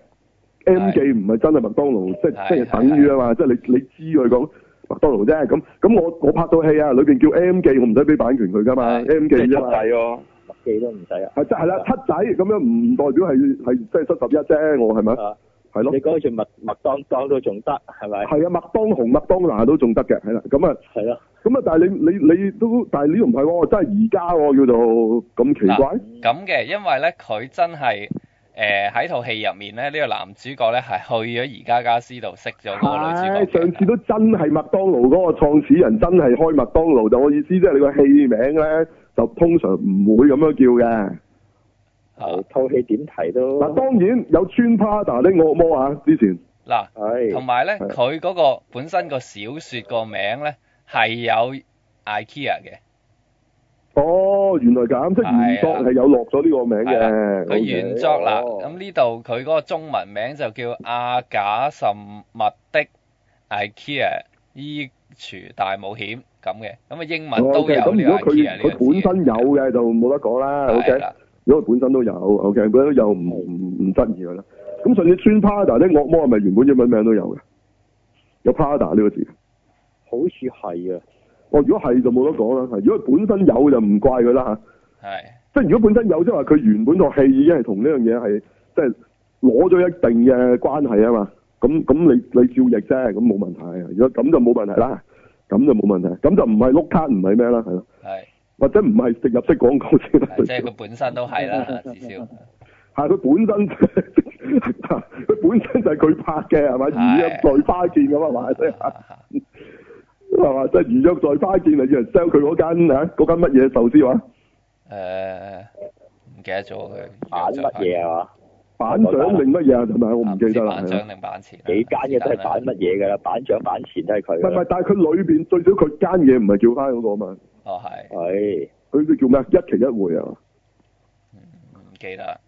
M 記唔係真係麥當勞，即即係等於啊嘛，即係你你知佢講麥當勞啫。咁咁我我拍到戲啊，裏邊叫 M 記，我唔使俾版權佢噶嘛。M 記，即係七仔哦，麥記都唔使啊。係即係啦，七仔咁樣唔代表係係即係七十一啫。我係咪？係咯。你講住麥麥當當都仲得，係咪？係啊，麥當雄、麥當娜都仲得嘅。係啦，咁啊。係咯。咁啊，但係你你你都，但係你唔係喎，真係而家喎，叫做咁奇怪。
咁嘅，因為咧，佢真係。誒、呃，喺套戲入面咧，呢、這個男主角咧係去咗宜家家私度識咗個女主角、
哎。上次都真係麥當勞嗰個創始人真係開麥當勞，就是、我意思即係、就是、你個戲名咧就通常唔會咁樣叫嘅。
套戲點
睇都嗱，當、啊、然有穿
partner 啲惡魔啊之前
嗱，係同埋咧佢嗰個本身個小說個名咧係有 IKEA 嘅。
哦，原來咁即係原作係有落咗呢個名嘅。佢、okay, 原作啦，
咁呢度佢嗰個中文名就叫《阿賈神秘的 IKEA 衣櫥大冒險》咁嘅。咁啊英文都有呢個，個、哦、okay, 如果佢
本身有嘅就冇得講啦。O、okay, K，如果佢本身都有，O K，嗰都有唔唔唔質疑佢啦。咁上次穿 Prada 啲惡魔係咪原本英文名都有嘅？有 Prada 呢個字？好似係啊。哦，如果係就冇得講啦，如果本身有就唔怪佢啦嚇。係，即係如果本身有，即係話佢原本套戲已經係同呢樣嘢係即係攞咗一定嘅關係啊嘛。咁咁你你照譯啫，咁冇問題啊。如果咁就冇問題啦，咁就冇問題，咁就唔係碌卡唔係咩啦，係咯。係。或者唔係植入式廣告先。即係
佢本身都係啦， [laughs] 至少是。
係佢本身，佢本身就係、是、佢 [laughs] 拍嘅係嘛，魚入水花見咁啊嘛係、就、嘛、是，即係如約再相見嚟，要人 sell 佢嗰間啊，嗰間乜嘢壽司話？誒，
唔記得咗佢，板乜嘢啊嘛？
板長定乜嘢啊？係咪我唔記得啦。板長定
板
前？幾間嘢都係板乜嘢噶啦？板長板前都係佢。係係，但係
佢裏邊最少佢間嘢唔係叫返嗰個嘛？哦係。係。佢叫咩一期一會、嗯、啊？唔記得。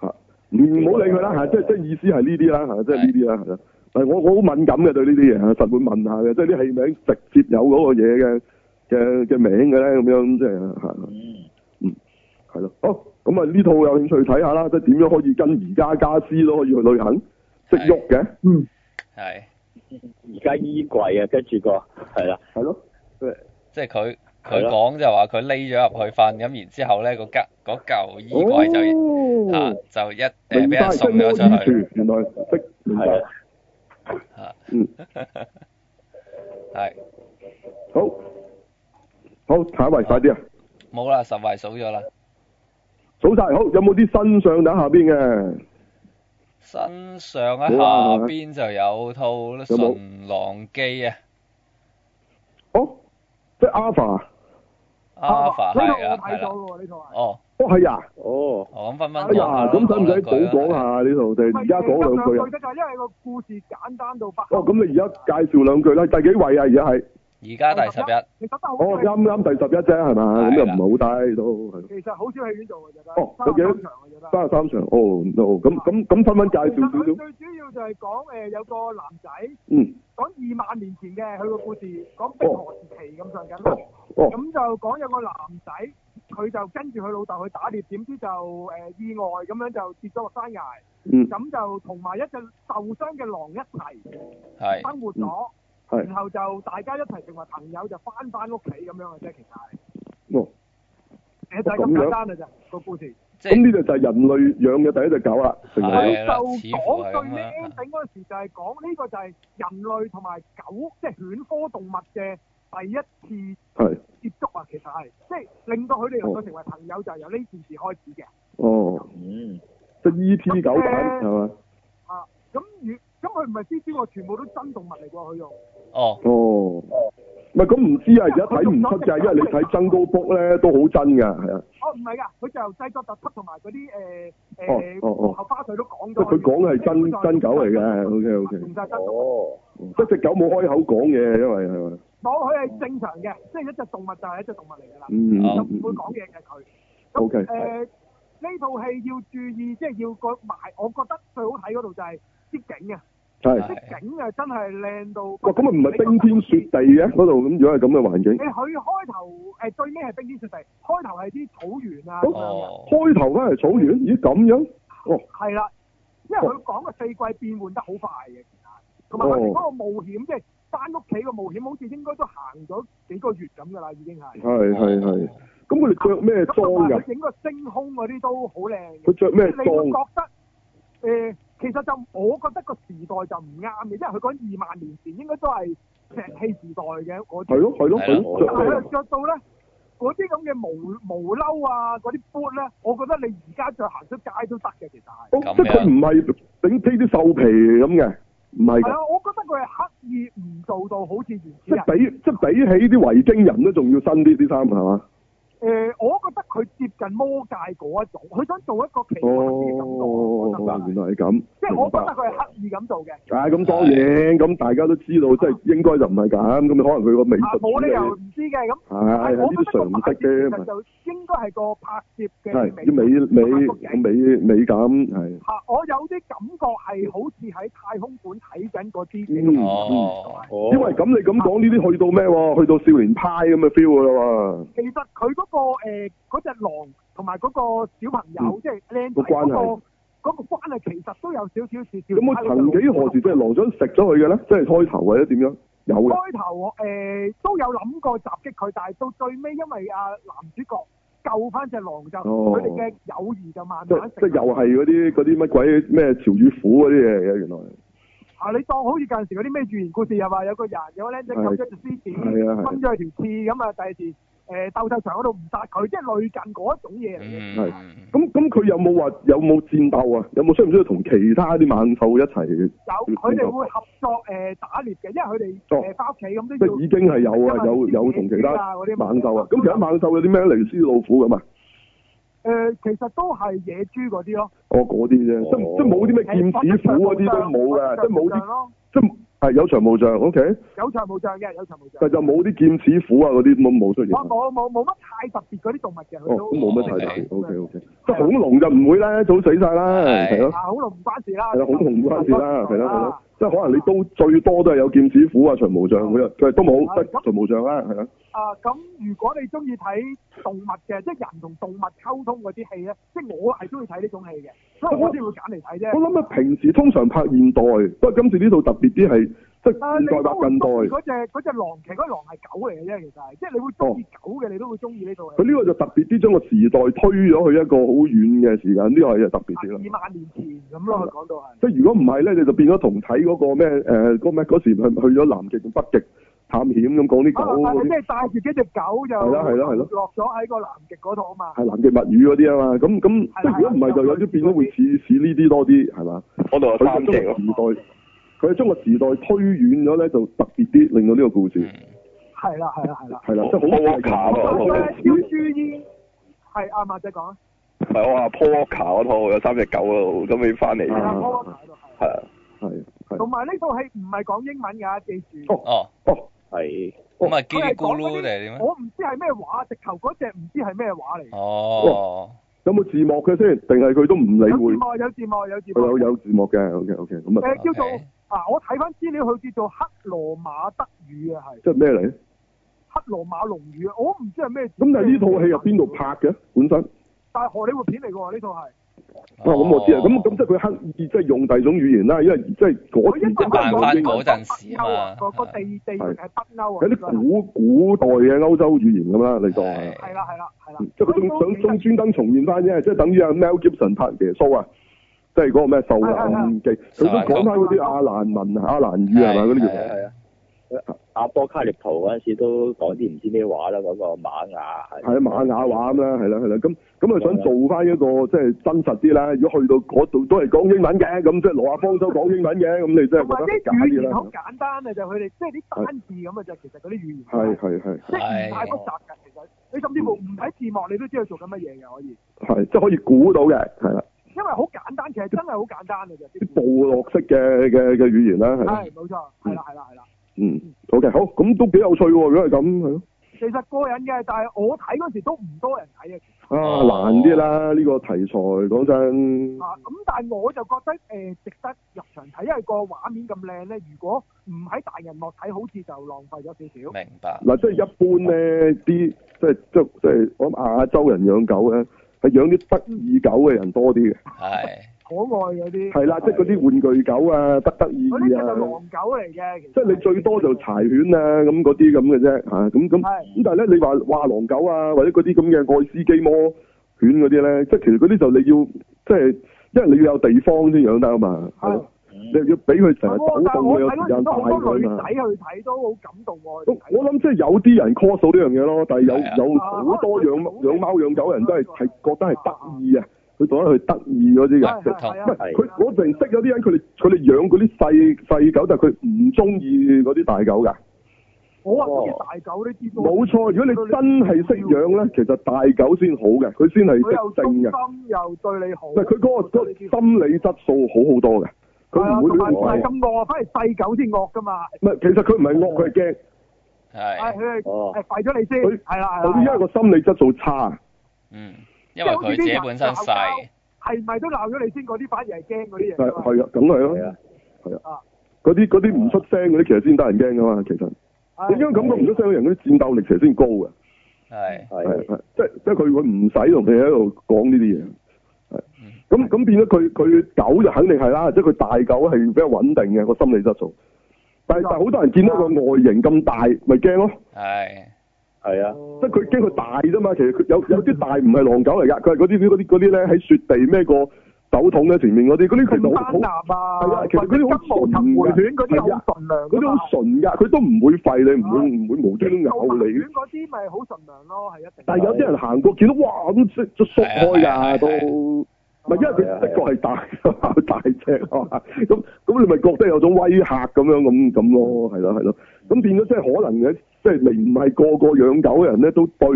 吓，唔好理佢啦吓，即係即係意思係呢啲啦吓，即係呢啲啦吓。係，我我好敏感嘅對呢啲嘢，實會問下嘅，即係啲戲名直接有嗰個嘢嘅嘅嘅名嘅咧，咁樣即係吓，嗯，係咯，好，咁啊呢套有興趣睇下啦，即係點樣可以跟宜家家私都可以去旅行，識
喐嘅，嗯，
係，
宜家衣櫃啊，跟住個，係啦，係
咯，即係佢佢講就話佢匿咗入去瞓，咁然之後咧個家嗰舊衣櫃就啊就一誒俾人送咗出去，
原來識，
係啊。啊、 [laughs] 嗯，係， [laughs]
好，好，睇埋快啲啊！
冇啦，十位數咗啦，
數晒好，有冇啲新相等下邊嘅？
新相喺下邊就有套狼機，啊《馴狼記》啊，
哦，即係 Alpha，Alpha
係啊，哦。哦係啊，哦，
講
分分，哎呀，咁使唔使補講下呢套？第而家講兩句啊。咁上兩句嘅就係
因為個故事簡單到白。哦，咁你
而家介紹兩句啦，第幾位啊？而家係。
而家第十一。
你覺得好？哦，啱
啱第十一啫，係嘛？咁又唔係好低都係。其實好少戲院做
嘅啫。哦，幾多場。三十三
場，哦，咁咁咁分分介紹少少。最主
要就係講誒，有個男仔。嗯。講二萬年前嘅佢個故事，講冰河時期咁上緊啦。哦。咁就講有個男仔。佢就跟住佢老豆去打獵，點知就誒意外咁樣就跌咗落山崖。嗯，咁就同埋一隻受傷嘅狼一齊，
係生活咗，係。然後
就大家一齊成為朋友，就返返屋企咁樣嘅啫，其實係。哦，其實就係咁簡單啊！就個故事。咁呢個就
係人類養嘅第一隻狗啦，佢就講最
尾 ending 嗰時就係講呢個就係人類同埋狗，即係犬科動物嘅。第一次係接
觸啊，其實係即係令到佢哋能夠成為
朋友，oh. 就係由呢件事開始嘅。哦，即 E.T. 狗品係嘛啊？咁如咁佢唔係 E.T. 喎，全部都
真動物嚟喎，佢用哦哦，唔係咁唔知啊，而家睇唔出嘅，因為你睇增高幅咧都好真㗎，係啊。哦，唔係
㗎，佢就製作特輯同埋嗰啲誒誒後花絮都講咗。即係佢講嘅係
真真狗嚟㗎。O.K.O.K. 哦，一隻狗冇開口講嘢，因為係嘛。
冇佢係正常嘅，即係一隻動物就係一隻動物嚟噶啦，就唔會講嘢嘅佢。咁誒，呢套戲要注意，即係要個埋，我覺得最好睇嗰度就係啲景啊。係。啲景啊，真係靚到。哇！咁啊，唔係冰
天雪地啊，嗰度咁樣係咁嘅環境。誒，佢
開頭誒最尾係冰天雪地，開頭係啲草原啊。哦。
開頭梗係草原，咦咁樣？哦。
係啦，因為佢講嘅四季變換得好快嘅。同埋佢哋嗰個冒險，即係翻屋企嘅冒險，好似應該都行咗幾個月咁㗎啦，已經係係係係。
咁佢哋着咩裝啊？
整個星空嗰啲都好靚。佢着咩裝？你都覺得誒、呃，其實就我覺得個時代就唔啱嘅，因為佢講二萬年前應該都係石器時代嘅嗰啲。係咯，係咯，好著。佢又著到咧嗰啲咁嘅毛毛褸啊，嗰啲 boot 咧，我覺得你而家再行出街都得嘅，其實係、哦。即係佢
唔係整呢啲獸皮嚟咁嘅。唔係，係啊！我
覺得佢係刻意唔做到好似原始人，即係比
即係比起啲維京人都仲要新啲啲衫，係嘛？
誒，我覺得佢接近魔界嗰一種，佢想做一個奇
幻嘅感覺，冇得㗎。原來係咁，即係我覺得
佢係刻意咁做嘅。
咁當然，咁大家都知道，即係應該就唔係咁。咁你可能佢個美術冇理由
唔知嘅咁，係係呢啲
常識啫。就
應該係個拍攝嘅美美美
美感係。
嚇！我有啲感覺係好似喺太空館睇緊個電影。嗯
哦，因為咁你咁講呢啲去到咩喎？去到少年派咁嘅 feel 㗎啦喎。
其實佢都。那個誒、嗰、呃、隻狼同埋嗰個小朋友，嗯、即係僆仔嗰個嗰、那個關啊，其實都有少少事少少少少。咁佢曾幾何時
即係狼想食咗佢嘅咧？即係開頭或者點樣有？開
頭我誒、呃、都有諗過襲擊佢，但係到最尾因為阿男主角救翻隻狼就佢哋嘅友
誼就慢慢、哦、即即又係嗰啲啲乜鬼咩朝與虎嗰啲嘢嘅，原來
啊你當好似近時嗰啲咩寓言故事，又話有個人有個僆仔擒咗隻獅子，掹咗佢條刺咁啊，第二時。誒、呃，鬥獸場嗰度唔殺佢，即係類近嗰一種嘢嚟嘅。係，
咁咁佢有冇話有冇戰鬥啊？有冇需唔需要同其他啲猛獸一齊？有，佢哋
會合作誒、呃、打獵嘅，因為佢哋誒翻屋企咁都要。即係已
經係有啊，有有同其他猛獸啊。咁其他猛獸有啲咩？尼斯老虎咁啊？
誒、啊，其實都係野豬嗰啲
咯。嗰啲啫，即即係冇啲咩劍齒虎嗰啲都冇嘅，、哦嗯。即係冇係有長無障 o k 有長無障
嘅，有長無障但、
okay? 就冇啲劍齒虎啊嗰啲咁冇出現。冇冇
冇乜太特別嗰啲動物嘅，oh, 都冇乜太特別。
OK OK, okay. 即恐龍就唔會呢，早死晒啦。係咯。恐龍
唔關事啦。係啦，恐龍唔關事啦。係啦，係啦。
即係可能你都最多都係有劍齒虎啊、長毛象嗰啲，佢都冇得長毛象啊，係啊，啊。
啊，咁如果你中意睇動物嘅， [laughs] 即係人同動物溝通嗰啲戲咧，即係我係中意睇呢種戲嘅，所以我先會揀嚟睇啫。我諗啊，我想平
時通常拍現代，不過今次呢套特別啲係。即係
古代或近代。嗰隻隻狼，隻狼，其實嗰狼係狗嚟嘅啫，其實即係
你會中意狗嘅，哦，你都會中意呢度嘅。佢呢個就特別啲，將個時代推咗去一個好遠嘅時間，呢、呢個係特別啲咯。二萬年
前咁咯，講到係。
即係如果唔係咧，你就變咗同睇嗰個咩？誒、呃，嗰咩嗰時去去咗南極同北極探險咁講啲狗。啊、你即係帶住幾隻狗就係
啦，係啦，係啦，落咗喺個南極嗰度啊嘛。係南極
物語嗰啲啊嘛，咁咁。係係。如果唔係，就有啲變咗會似似呢啲多啲，係嘛？嗰度有佢隻咯。時代。啊嗯嗯.佢將個時代推遠咗咧，就特別啲，令到呢個故事
係啦，係啦，係啦，係啦，oh, 即係好卡喎。要注意，係阿馬仔講
係我話 Poker 嗰套有三隻狗喺度，咁你翻嚟。係啊係
同埋呢套係唔係講英文㗎？記住。哦。哦，係。
咁啊，雞咕碌定係點啊？
我唔知係咩話，直頭嗰隻唔知係咩話嚟。哦、
oh. 啊。有
冇字幕嘅先？定係佢都唔理會。
有字幕，有字幕，有
字幕。有有字幕嘅，OK OK，咁啊。叫做。
啊！我睇翻資料，佢叫做黑羅馬德語啊，係即係咩嚟？黑羅馬龍語啊，我都唔知係咩。咁但係呢套戲入邊度拍
嘅？本身。
但係荷里活片嚟㗎喎，呢
套係。哦，咁我知啊。咁咁即係佢刻意，即係用第二種語言啦，因為即係嗰邊。佢係講英文。嗰陣時啊，
個地地係北歐啊。有
啲古古代嘅歐洲語言咁啦，你當係。係啦係啦係啦。即係佢仲想仲專登重現翻啫，即係等於阿 Mel Gibson 拍耶穌啊。即係嗰個咩受難記？佢都講返嗰啲阿蘭文阿蘭語係咪嗰啲嘢？啊、那個，
阿波卡列圖嗰陣時都講啲唔知咩話啦，嗰、那個瑪雅係啊，是馬
雅話咁啦，係啦，係啦，咁咁啊想做翻一個即係真實啲啦。如果去到度都係講英文嘅，咁即係羅亞方舟講英文嘅，咁 [laughs] 你真係覺得語言好簡單嘅就佢、是、哋、就是就
是，即係啲單字咁啊，就其實嗰啲語言係係係，即
係、就是、太多雜雜。其
實你甚至乎唔睇字幕，你都知佢做緊乜嘢
嘅可以。係即係可以估到嘅，係啦。
因為好簡單，其實真係好簡單
嘅啫。啲部落式嘅嘅嘅語言啦，係。係冇錯，係
啦，係
啦，係啦。嗯，嗯，嗯，OK，好，咁都幾有趣喎。如果係咁，係咯。
其實過癮嘅，但係我睇嗰時都唔多人睇
嘅。啊，難啲啦，呢、哦呢個題材講真。啊，咁
但係我就覺得誒、呃，值得入場睇，因為個畫面咁靚咧。如果唔喺大銀幕睇，好似就浪費咗少少。明白。嗱、啊就
是嗯，即係一般咧，啲即係即係即係我諗亞洲人養狗咧。係養啲得意狗嘅人多啲嘅，係
可愛啲，係啦，即係嗰啲
玩具狗啊，不得得意意啊，嗰啲狼狗嚟
嘅，
即係你最多就柴犬啊咁嗰啲咁嘅啫，吓咁咁，咁但係咧你話話狼狗啊，或者嗰啲咁嘅愛斯基摩犬嗰啲咧，即係其實嗰啲就你要，即係因為你要有地方先養得啊嘛。你要俾佢成日保護佢，有時間帶佢啊！女仔去睇都好感動喎。我諗即係有啲人 cost 呢樣嘢咯，但係有有好多養養貓養狗人都係係覺得係得意啊！佢覺得佢得意嗰啲嘅，佢我淨識有啲人，佢哋佢哋養嗰啲細細狗，但係佢唔中意嗰啲大狗㗎。好，話中意大狗呢啲冇錯。如果你真係識養咧，其實大狗先好嘅，佢先係佢又靜嘅，心
又對你好。佢嗰個
心理質素好好多嘅。佢唔會唔係
咁惡，反而細狗先惡噶嘛。唔係，其實
佢唔係惡，佢係驚。
係。佢係誒吠咗你先，係啦，因
為個心理質素差。嗯。
因為佢自己本身細。係咪都鬧咗你先？嗰啲
反而係驚嗰啲嘢。係啊，梗係啊。嗰啲嗰啲唔出聲嗰啲，其實先得人驚噶嘛。其實
點樣感覺唔出
聲嗰啲人，嗰啲戰鬥力其實先高嘅。係係即係即係佢，佢唔使同你喺度講呢啲嘢。咁、嗯、咁變咗佢佢狗就肯定係啦，即係佢大狗係比較穩定嘅個心理質素，但係、嗯、但係好多人見到佢外形咁大，咪、嗯、驚咯。係係啊，即係佢驚佢大啫嘛。其實佢有有啲大唔係狼狗嚟噶，佢係嗰啲嗰啲嗰啲咧喺雪地咩個酒桶咧前面嗰啲啲佢狼。山啊，係啊，其實嗰啲好純，係啊，嗰啲好純噶，佢、啊、都唔會吠你，唔、嗯、會唔、嗯、會無端端咬你。嗰啲咪好純良咯，
係一定，但係有啲人
行過見到哇咁縮開㗎都。唔因為佢個係大， [laughs] 大隻啊嘛，咁咁你咪覺得有種威嚇咁樣咁咁咯，係咯係咯，咁變咗即係可能嘅，即係明唔係個個養狗嘅人咧都對，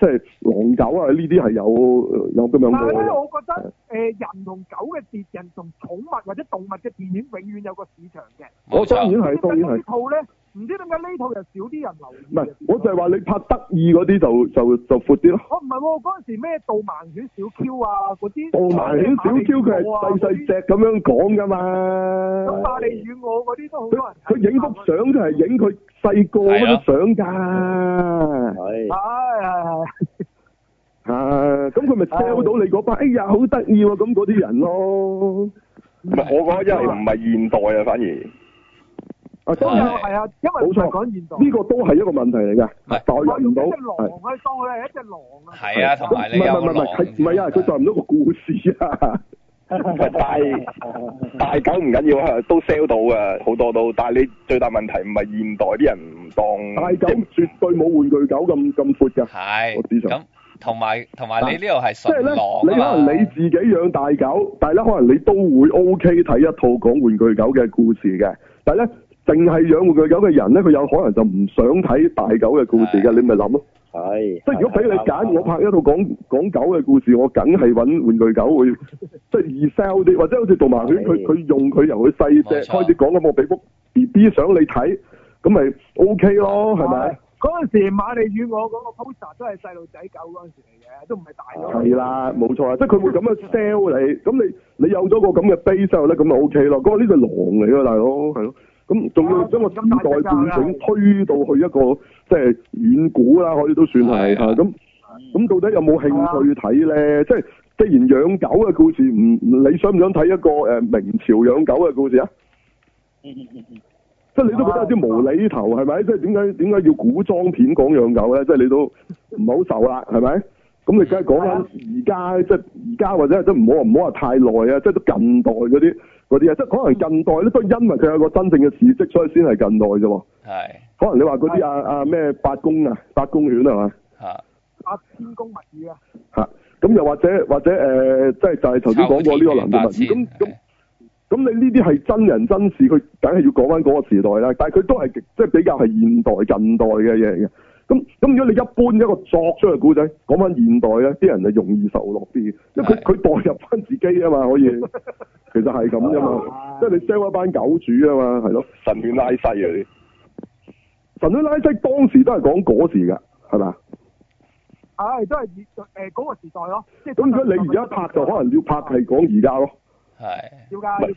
即係狼狗啊呢啲係有有咁樣，但係我覺得
誒人同狗嘅，人同寵物或者動物嘅電影，永遠有個市場嘅。我當然，係兩套咧。唔知點解呢套
又少啲人留意。唔係，我就係話你拍得意嗰啲就就就闊啲咯。我
唔係喎，嗰陣、哦、時咩導盲犬
小 Q 啊嗰啲。導盲犬小 Q 佢係細細隻咁樣講噶嘛。咁馬利與我嗰啲
都好多
人。佢影幅相就係影佢細個嗰啲相噶。係。係 [laughs] [laughs] 啊，咁佢咪 sell 到你嗰班？哎呀，好得意喎！咁嗰啲人咯。唔係，我覺得因為唔係現代啊，反而。啊，都係，係啊，
因為冇錯，講現代
呢個都係一個問題嚟嘅，代入唔到，
係佢當佢係一隻狼啊，係啊，同埋唔係
唔係唔係，唔係啊，佢代唔到個故事啊，大 [laughs] 但 [laughs] 大狗唔緊要都 sell 到嘅，好多都，但係你最大問題唔係現代啲人唔當大狗絕對冇玩具狗咁咁闊嘅，係我知道
咁，同埋同埋你、啊就是、呢度係純狼你可能你
自己養大狗，啊、但係咧可能你都會 O K 睇一套講玩具狗嘅故事嘅，但係咧。淨係養玩具狗嘅人咧，佢有可能就唔想睇大狗嘅故事嘅，你咪諗咯。係，即係如果俾你揀，我拍一套講講狗嘅故事，我梗係揾玩具狗會，即係易 sell 啲，或者好似導盲犬，佢佢用佢由佢細隻開始講咁、啊，我俾幅 B B 相你睇，咁咪 OK 咯，係咪？嗰陣時馬里與我嗰個 poster
都係細路仔狗嗰陣時嚟嘅，都唔係大狗。係啦，
冇錯啊，即係佢會咁樣 sell 你，咁 [laughs] 你你有咗個咁嘅 base 咧、OK，咁就 OK 咯。嗰個呢隻狼嚟噶，大佬係咯。咁仲要將個時代背景推到去一個即係遠古啦，可以都算係啊咁。咁到底有冇興趣睇咧？即係既然養狗嘅故事，唔你想唔想睇一個誒、呃、明朝養狗嘅故事啊？嗯嗯嗯，即係你都覺得有啲無厘頭係咪？即係點解點解要古裝片講養狗咧？即係你都唔好受啦，係咪？咁你梗係講翻而家，即係而家或者都唔好話唔好話太耐啊！即係都近代嗰啲。嗰啲啊，即係可能近代咧都因為佢有個真正嘅事跡，所以先係近代啫。係，
可能你話嗰啲阿
阿咩八公啊，八公犬係嘛？係、
啊。八天公物語啊！
嚇、啊！咁又或者或者誒，即、呃、係就係頭先講過呢個南極物語咁咁咁，那那是那你呢啲係真人真事，佢梗係要講返嗰個時代啦。但係佢都係即係比較係現代近代嘅嘢嚟嘅。咁咁，如果你一般一個作出嚟古仔，講翻現代咧，啲人就容易受落啲，因為佢佢代入翻自己啊嘛，可以， [laughs] 其實係咁啫嘛，即 [laughs] 係你 sell 一班狗主啊嘛，係咯，神犬拉西啊你，神犬拉西當時都係講嗰時㗎，係咪？唉，都係誒嗰
個時代咯，即咁佢你而家
拍就可能要拍係講而家咯。
係，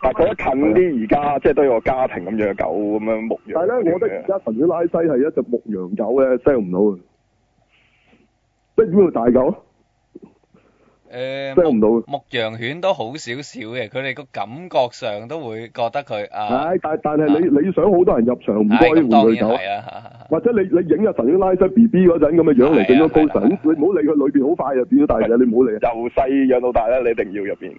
但佢一近啲而
家， [laughs] 即係都有個家庭咁嘅狗咁樣牧羊。但係咧，我覺得而家神犬拉西係一隻牧羊狗咧，sell 唔到嘅。即係點做大狗？
誒，sell 唔到牧羊犬都好少少嘅，佢哋個感覺上都會覺得佢啊，啊。
但但係你你想好多人入場唔該換佢狗或者你你影個神犬拉西 B B 嗰陣咁嘅樣嚟變咗高神，你唔好理佢裏邊，好快就變咗大嘅，你唔好理。由細養到大呢，你一定要入邊。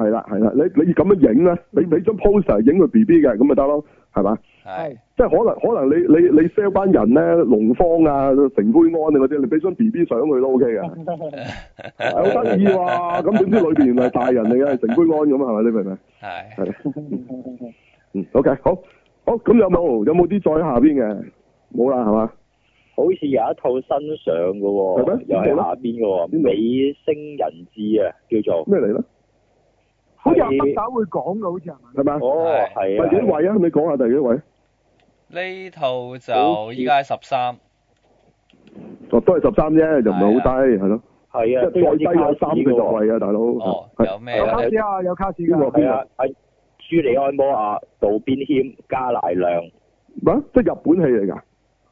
係啦，係啦，你你咁樣影咧，你俾張 p o s t 嚟影佢 B B 嘅咁咪得咯，係嘛？係，即係可能可能你你你 sell 班人咧，農荒啊，成灰安定或者你俾張 B B 相佢都 o K 嘅，係
好得意喎。咁點、啊、知裏邊原嚟大人嚟嘅，成灰
安咁啊，係咪？你明唔明？係。係。嗯，O K，好，好，咁有冇有冇啲再下邊嘅？冇啦，係嘛？
好似有一套新相嘅，又喺下邊嘅，美聲人質
啊，叫做咩嚟咧？好似阿北斗會講嘅，好似係嘛？哦，係啊。第幾位啊？啊，你講下第幾位？
呢套就依家十
三。哦，都係十三啫，就唔係好低，係咯。係啊，即
係再低有三四座
位啊，大佬。哦，有
咩？有卡士啊，
有卡士喎，邊啊？係、啊
啊啊啊、朱莉安摩亞、渡邊謙、加瀨亮。咩、啊？即係日本戲嚟噶？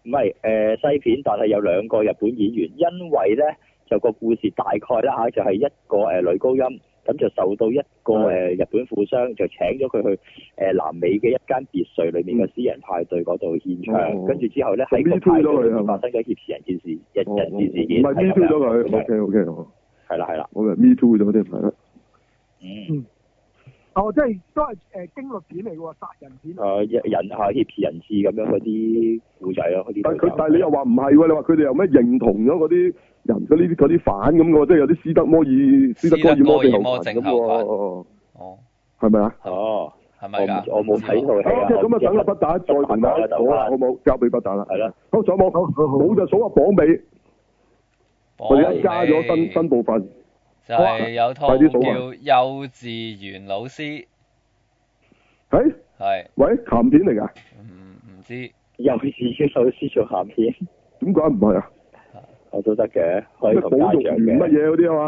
唔係，誒、呃、西片，但係有兩個日本演員，因為咧就個故事大概啦吓、啊，就係、是、一個誒、呃、女、呃、高音。咁、嗯、就受到一個、呃、日本富商就請咗佢去、呃、南美嘅一間別墅裏面嘅私人派對嗰度現場、哦哦、跟住之後咧喺、嗯、派對方裡發生
緊一件事，件事，哦哦、事件事，唔
係 meet 咗佢，ok ok，係啦係啦，好嘅 me too 咗啲唔係咧，嗯。嗯哦，即
係都係誒、
呃、驚慄片嚟嘅喎，殺人片，誒，人嚇劫持人質咁樣嗰啲古仔啊。嗰啲。但佢，但係你又
話唔係喎？你話佢哋又咩認同咗嗰啲人嗰啲嗰啲反咁、啊、喎？即係有啲斯德摩爾斯德哥爾摩症候群咁嘅喎。哦。
係咪啊？
哦。係咪？我冇睇到。咁啊！等阿不打再評好啦，好冇？交俾不打啦。係啦。好上網，好就數下榜尾。
我而家加咗新新部分。就係、是，有套叫幼稚園老師。誒、
啊，係、啊
欸。喂，鹹片嚟噶？唔、嗯、唔知。幼稚園老師做鹹片？點解唔係啊？我都得嘅，可以同家人嘅。乜嘢
嗰啲啊嘛？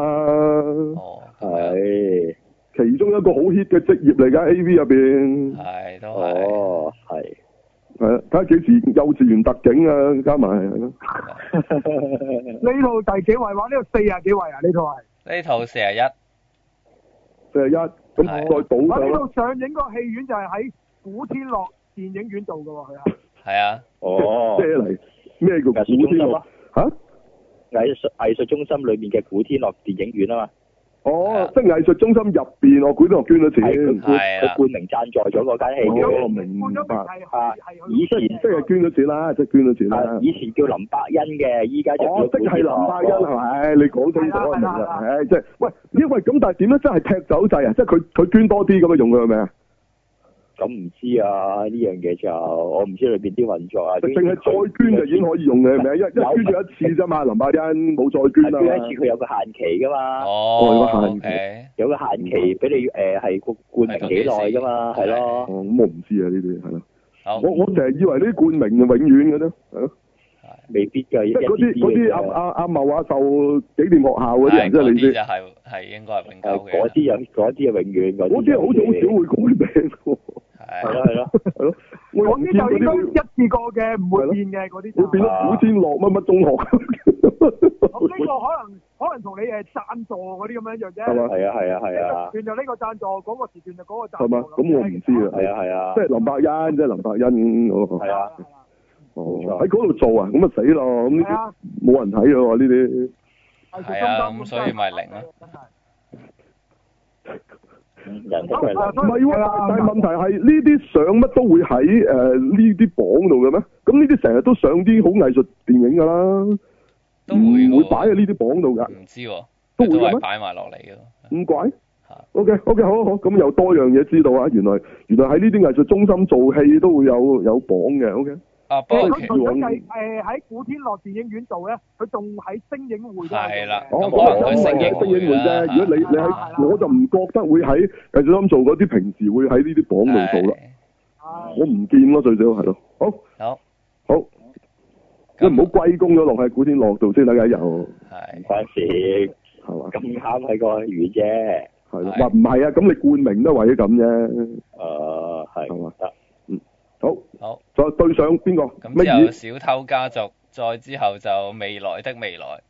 哦，係。其中一個好 hit 嘅職業嚟噶，A V 入邊。係都係。哦，係。係睇下幾時幼稚園特警啊，加埋。呢、哦、
[laughs] [laughs] 套第幾位話？呢個四啊幾位啊？呢套係。
呢套四廿一，
四廿一，咁我再補我呢度上映個戲院就係喺古天樂電影院做噶喎，係啊，
係啊，哦，即係嚟咩叫藝術
中心啊？吓，藝術藝術中心裏面嘅古天樂電影院啊嘛。
哦，啊、即係藝術中心入邊，我古天樂捐咗錢，
啊、我冠名
贊助咗嗰間戲院，我、哦、明嘛。啊，以前即係捐咗錢啦，即係捐咗錢啦、啊啊啊。以前叫林百欣嘅，依家就、哦，即係林百欣、哦、你講清楚係咪？即係、啊啊啊嗯啊啊啊、喂，因為咁，但係點樣？真係踢走掣即係佢佢捐多啲咁樣用佢係咪？咁唔
知啊，呢樣嘢就我唔知裏邊啲運作啊。淨係再捐就已經可以用嘅係咪？一一
捐咗一次啫嘛，林百欣冇再捐啦。捐一次佢有個限期㗎嘛。哦，有哦、okay。有個限期是是。有個限期
俾你誒係個冠名幾耐㗎嘛，係咯、嗯啊。哦，咁我
唔知啊，呢啲係咯。我我成日以為呢啲冠名係永遠嘅咧，係咯。未必㗎，即係嗰啲嗰啲阿阿阿茂阿秀幾間學校
嗰啲即係你先。係係應該係永久嗰啲人，嗰啲係永遠㗎。嗰啲好似好少會講啲名 [laughs]
係咯係咯，係咯。我 [laughs] 呢就應該一次過嘅，唔 [laughs] 會變嘅嗰啲就。會變到古天樂
乜乜中學？咁呢個可能
可能同你誒讚助嗰啲咁樣一樣啫。係啊係啊係啊。時段就呢個讚助，嗰、那個時段就嗰個讚助。係嘛？咁我唔知啊，係啊係啊。
即係、啊啊啊就是、林伯欣，即、就、係、是、林伯欣。嗰係啊。哦、那個，喺嗰度做啊，咁啊死咯，咁呢啲冇人睇嘅喎呢啲。
係啊，咁、啊、所以咪零。真係
唔係、啊、但係問
題係呢啲
上乜都會喺誒呢啲榜度嘅咩？咁呢啲成日都上啲好藝術電影㗎啦，都會、啊、會擺喺呢啲榜度㗎。唔
知喎、啊，都會咩？
擺埋落嚟嘅。唔怪。OK OK，好、啊、好、啊，咁又多樣嘢知道啊！原來原來喺呢啲藝術中心做戲都會有有榜嘅。O K。
啊，不過佢想計誒喺古天樂電影院做咧，佢仲喺星影匯。係啦，咁可能佢星影星影匯啫。如果你
你喺我就唔覺得會喺繼續咁做嗰啲，平時會喺呢啲榜度做啦。
我唔
見咯，最少係咯。好，好，你唔好歸功咗落喺古天樂做先啦，今日。係，唔
關事，係嘛？咁啱係個雨啫。係，唔係啊？咁你冠名都為咗咁啫。啊，係。係嘛？好，好，再對上邊個？咁之後
小偷家族，再之後就未來的未來，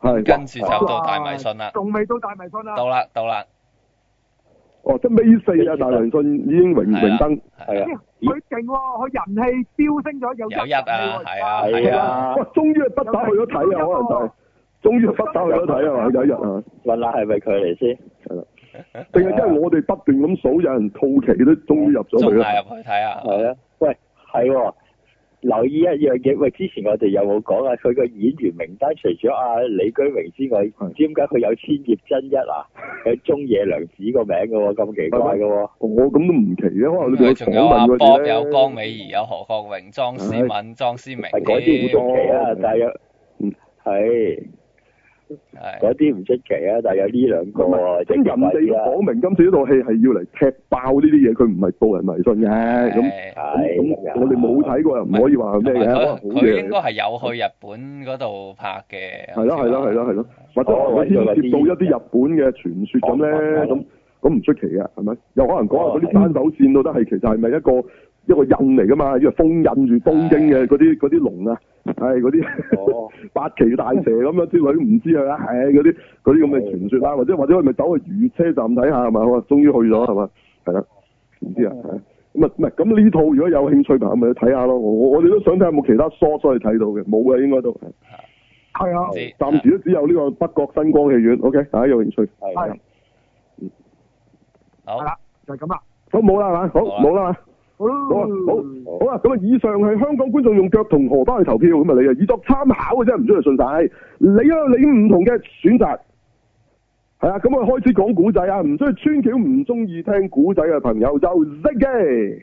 係，
跟住就到大迷
信啦，仲未到大迷信啦？到啦，到啦。
哦，即尾四啊！大迷信已經榮榮登，係啊，
佢勁喎，佢、哎哦、人氣飆升咗、啊，有有一日啊，係啊，係啊，
啊，啊，哇，終於係不打去咗睇啊，可能就，終於係不打去咗睇啊，有一日啊，嗯、問啦係咪佢嚟先？ [laughs] 定 [laughs] 係因為我哋不斷咁數，有人套期都終於入
咗去啦。入去
睇下，
係啊，喂，係、啊、留意、啊、一樣嘢，喂，之前我
哋有冇講啊？佢個演員名單除咗阿李居明之外，唔、嗯、知點解佢有千葉真一啊？有 [laughs] 中野良子個名噶喎，咁奇怪噶喎、啊，
我咁都唔奇啊，因
為佢仲有阿 Bob 有
江美儀，有何國榮、莊思敏、莊思明啲，咁啊，大
約嗯係。係嗰啲唔出奇啊，但
有呢兩個啊。即係人哋講明，今次呢套戲係要嚟踢爆呢啲嘢，佢唔係報人迷信嘅。咁咁我哋冇睇過又唔可以話係咩嘅。佢應該
係有去日本嗰度拍嘅。係啦係
啦係啦係咯，或者我可能接到一啲日本嘅傳說咁、哦、咧，咁咁唔出奇啊，係、哦、咪？又可能講下嗰啲單手線都得，係其實係咪一個？一個印嚟噶嘛，因為封印住東京嘅嗰啲嗰啲龍啊，係嗰啲八岐大蛇咁樣，之類唔知啊，唉，嗰啲嗰啲咁嘅傳說啦，或者或者佢咪走去如月車站睇下係嘛，終於去咗係嘛，係啦，唔知啊，咁啊係咁呢套，如果有興趣嘅咪去睇下咯，我哋都想睇有冇其他疏所去睇到嘅，冇嘅應該都係啊，暫時都只有呢個北角新光戲院，OK，大家有興趣係，係啦，就係咁啦，好冇啦，好冇啦好啊，好，好啦，咁啊，以上係香港觀眾用腳同荷包去投票，咁啊，你啊，以作參考嘅啫，唔中意信晒你啊，你唔同嘅選擇係啊，咁我開始講古仔啊，唔中意穿橋，唔中意聽古仔嘅朋友就息嘅。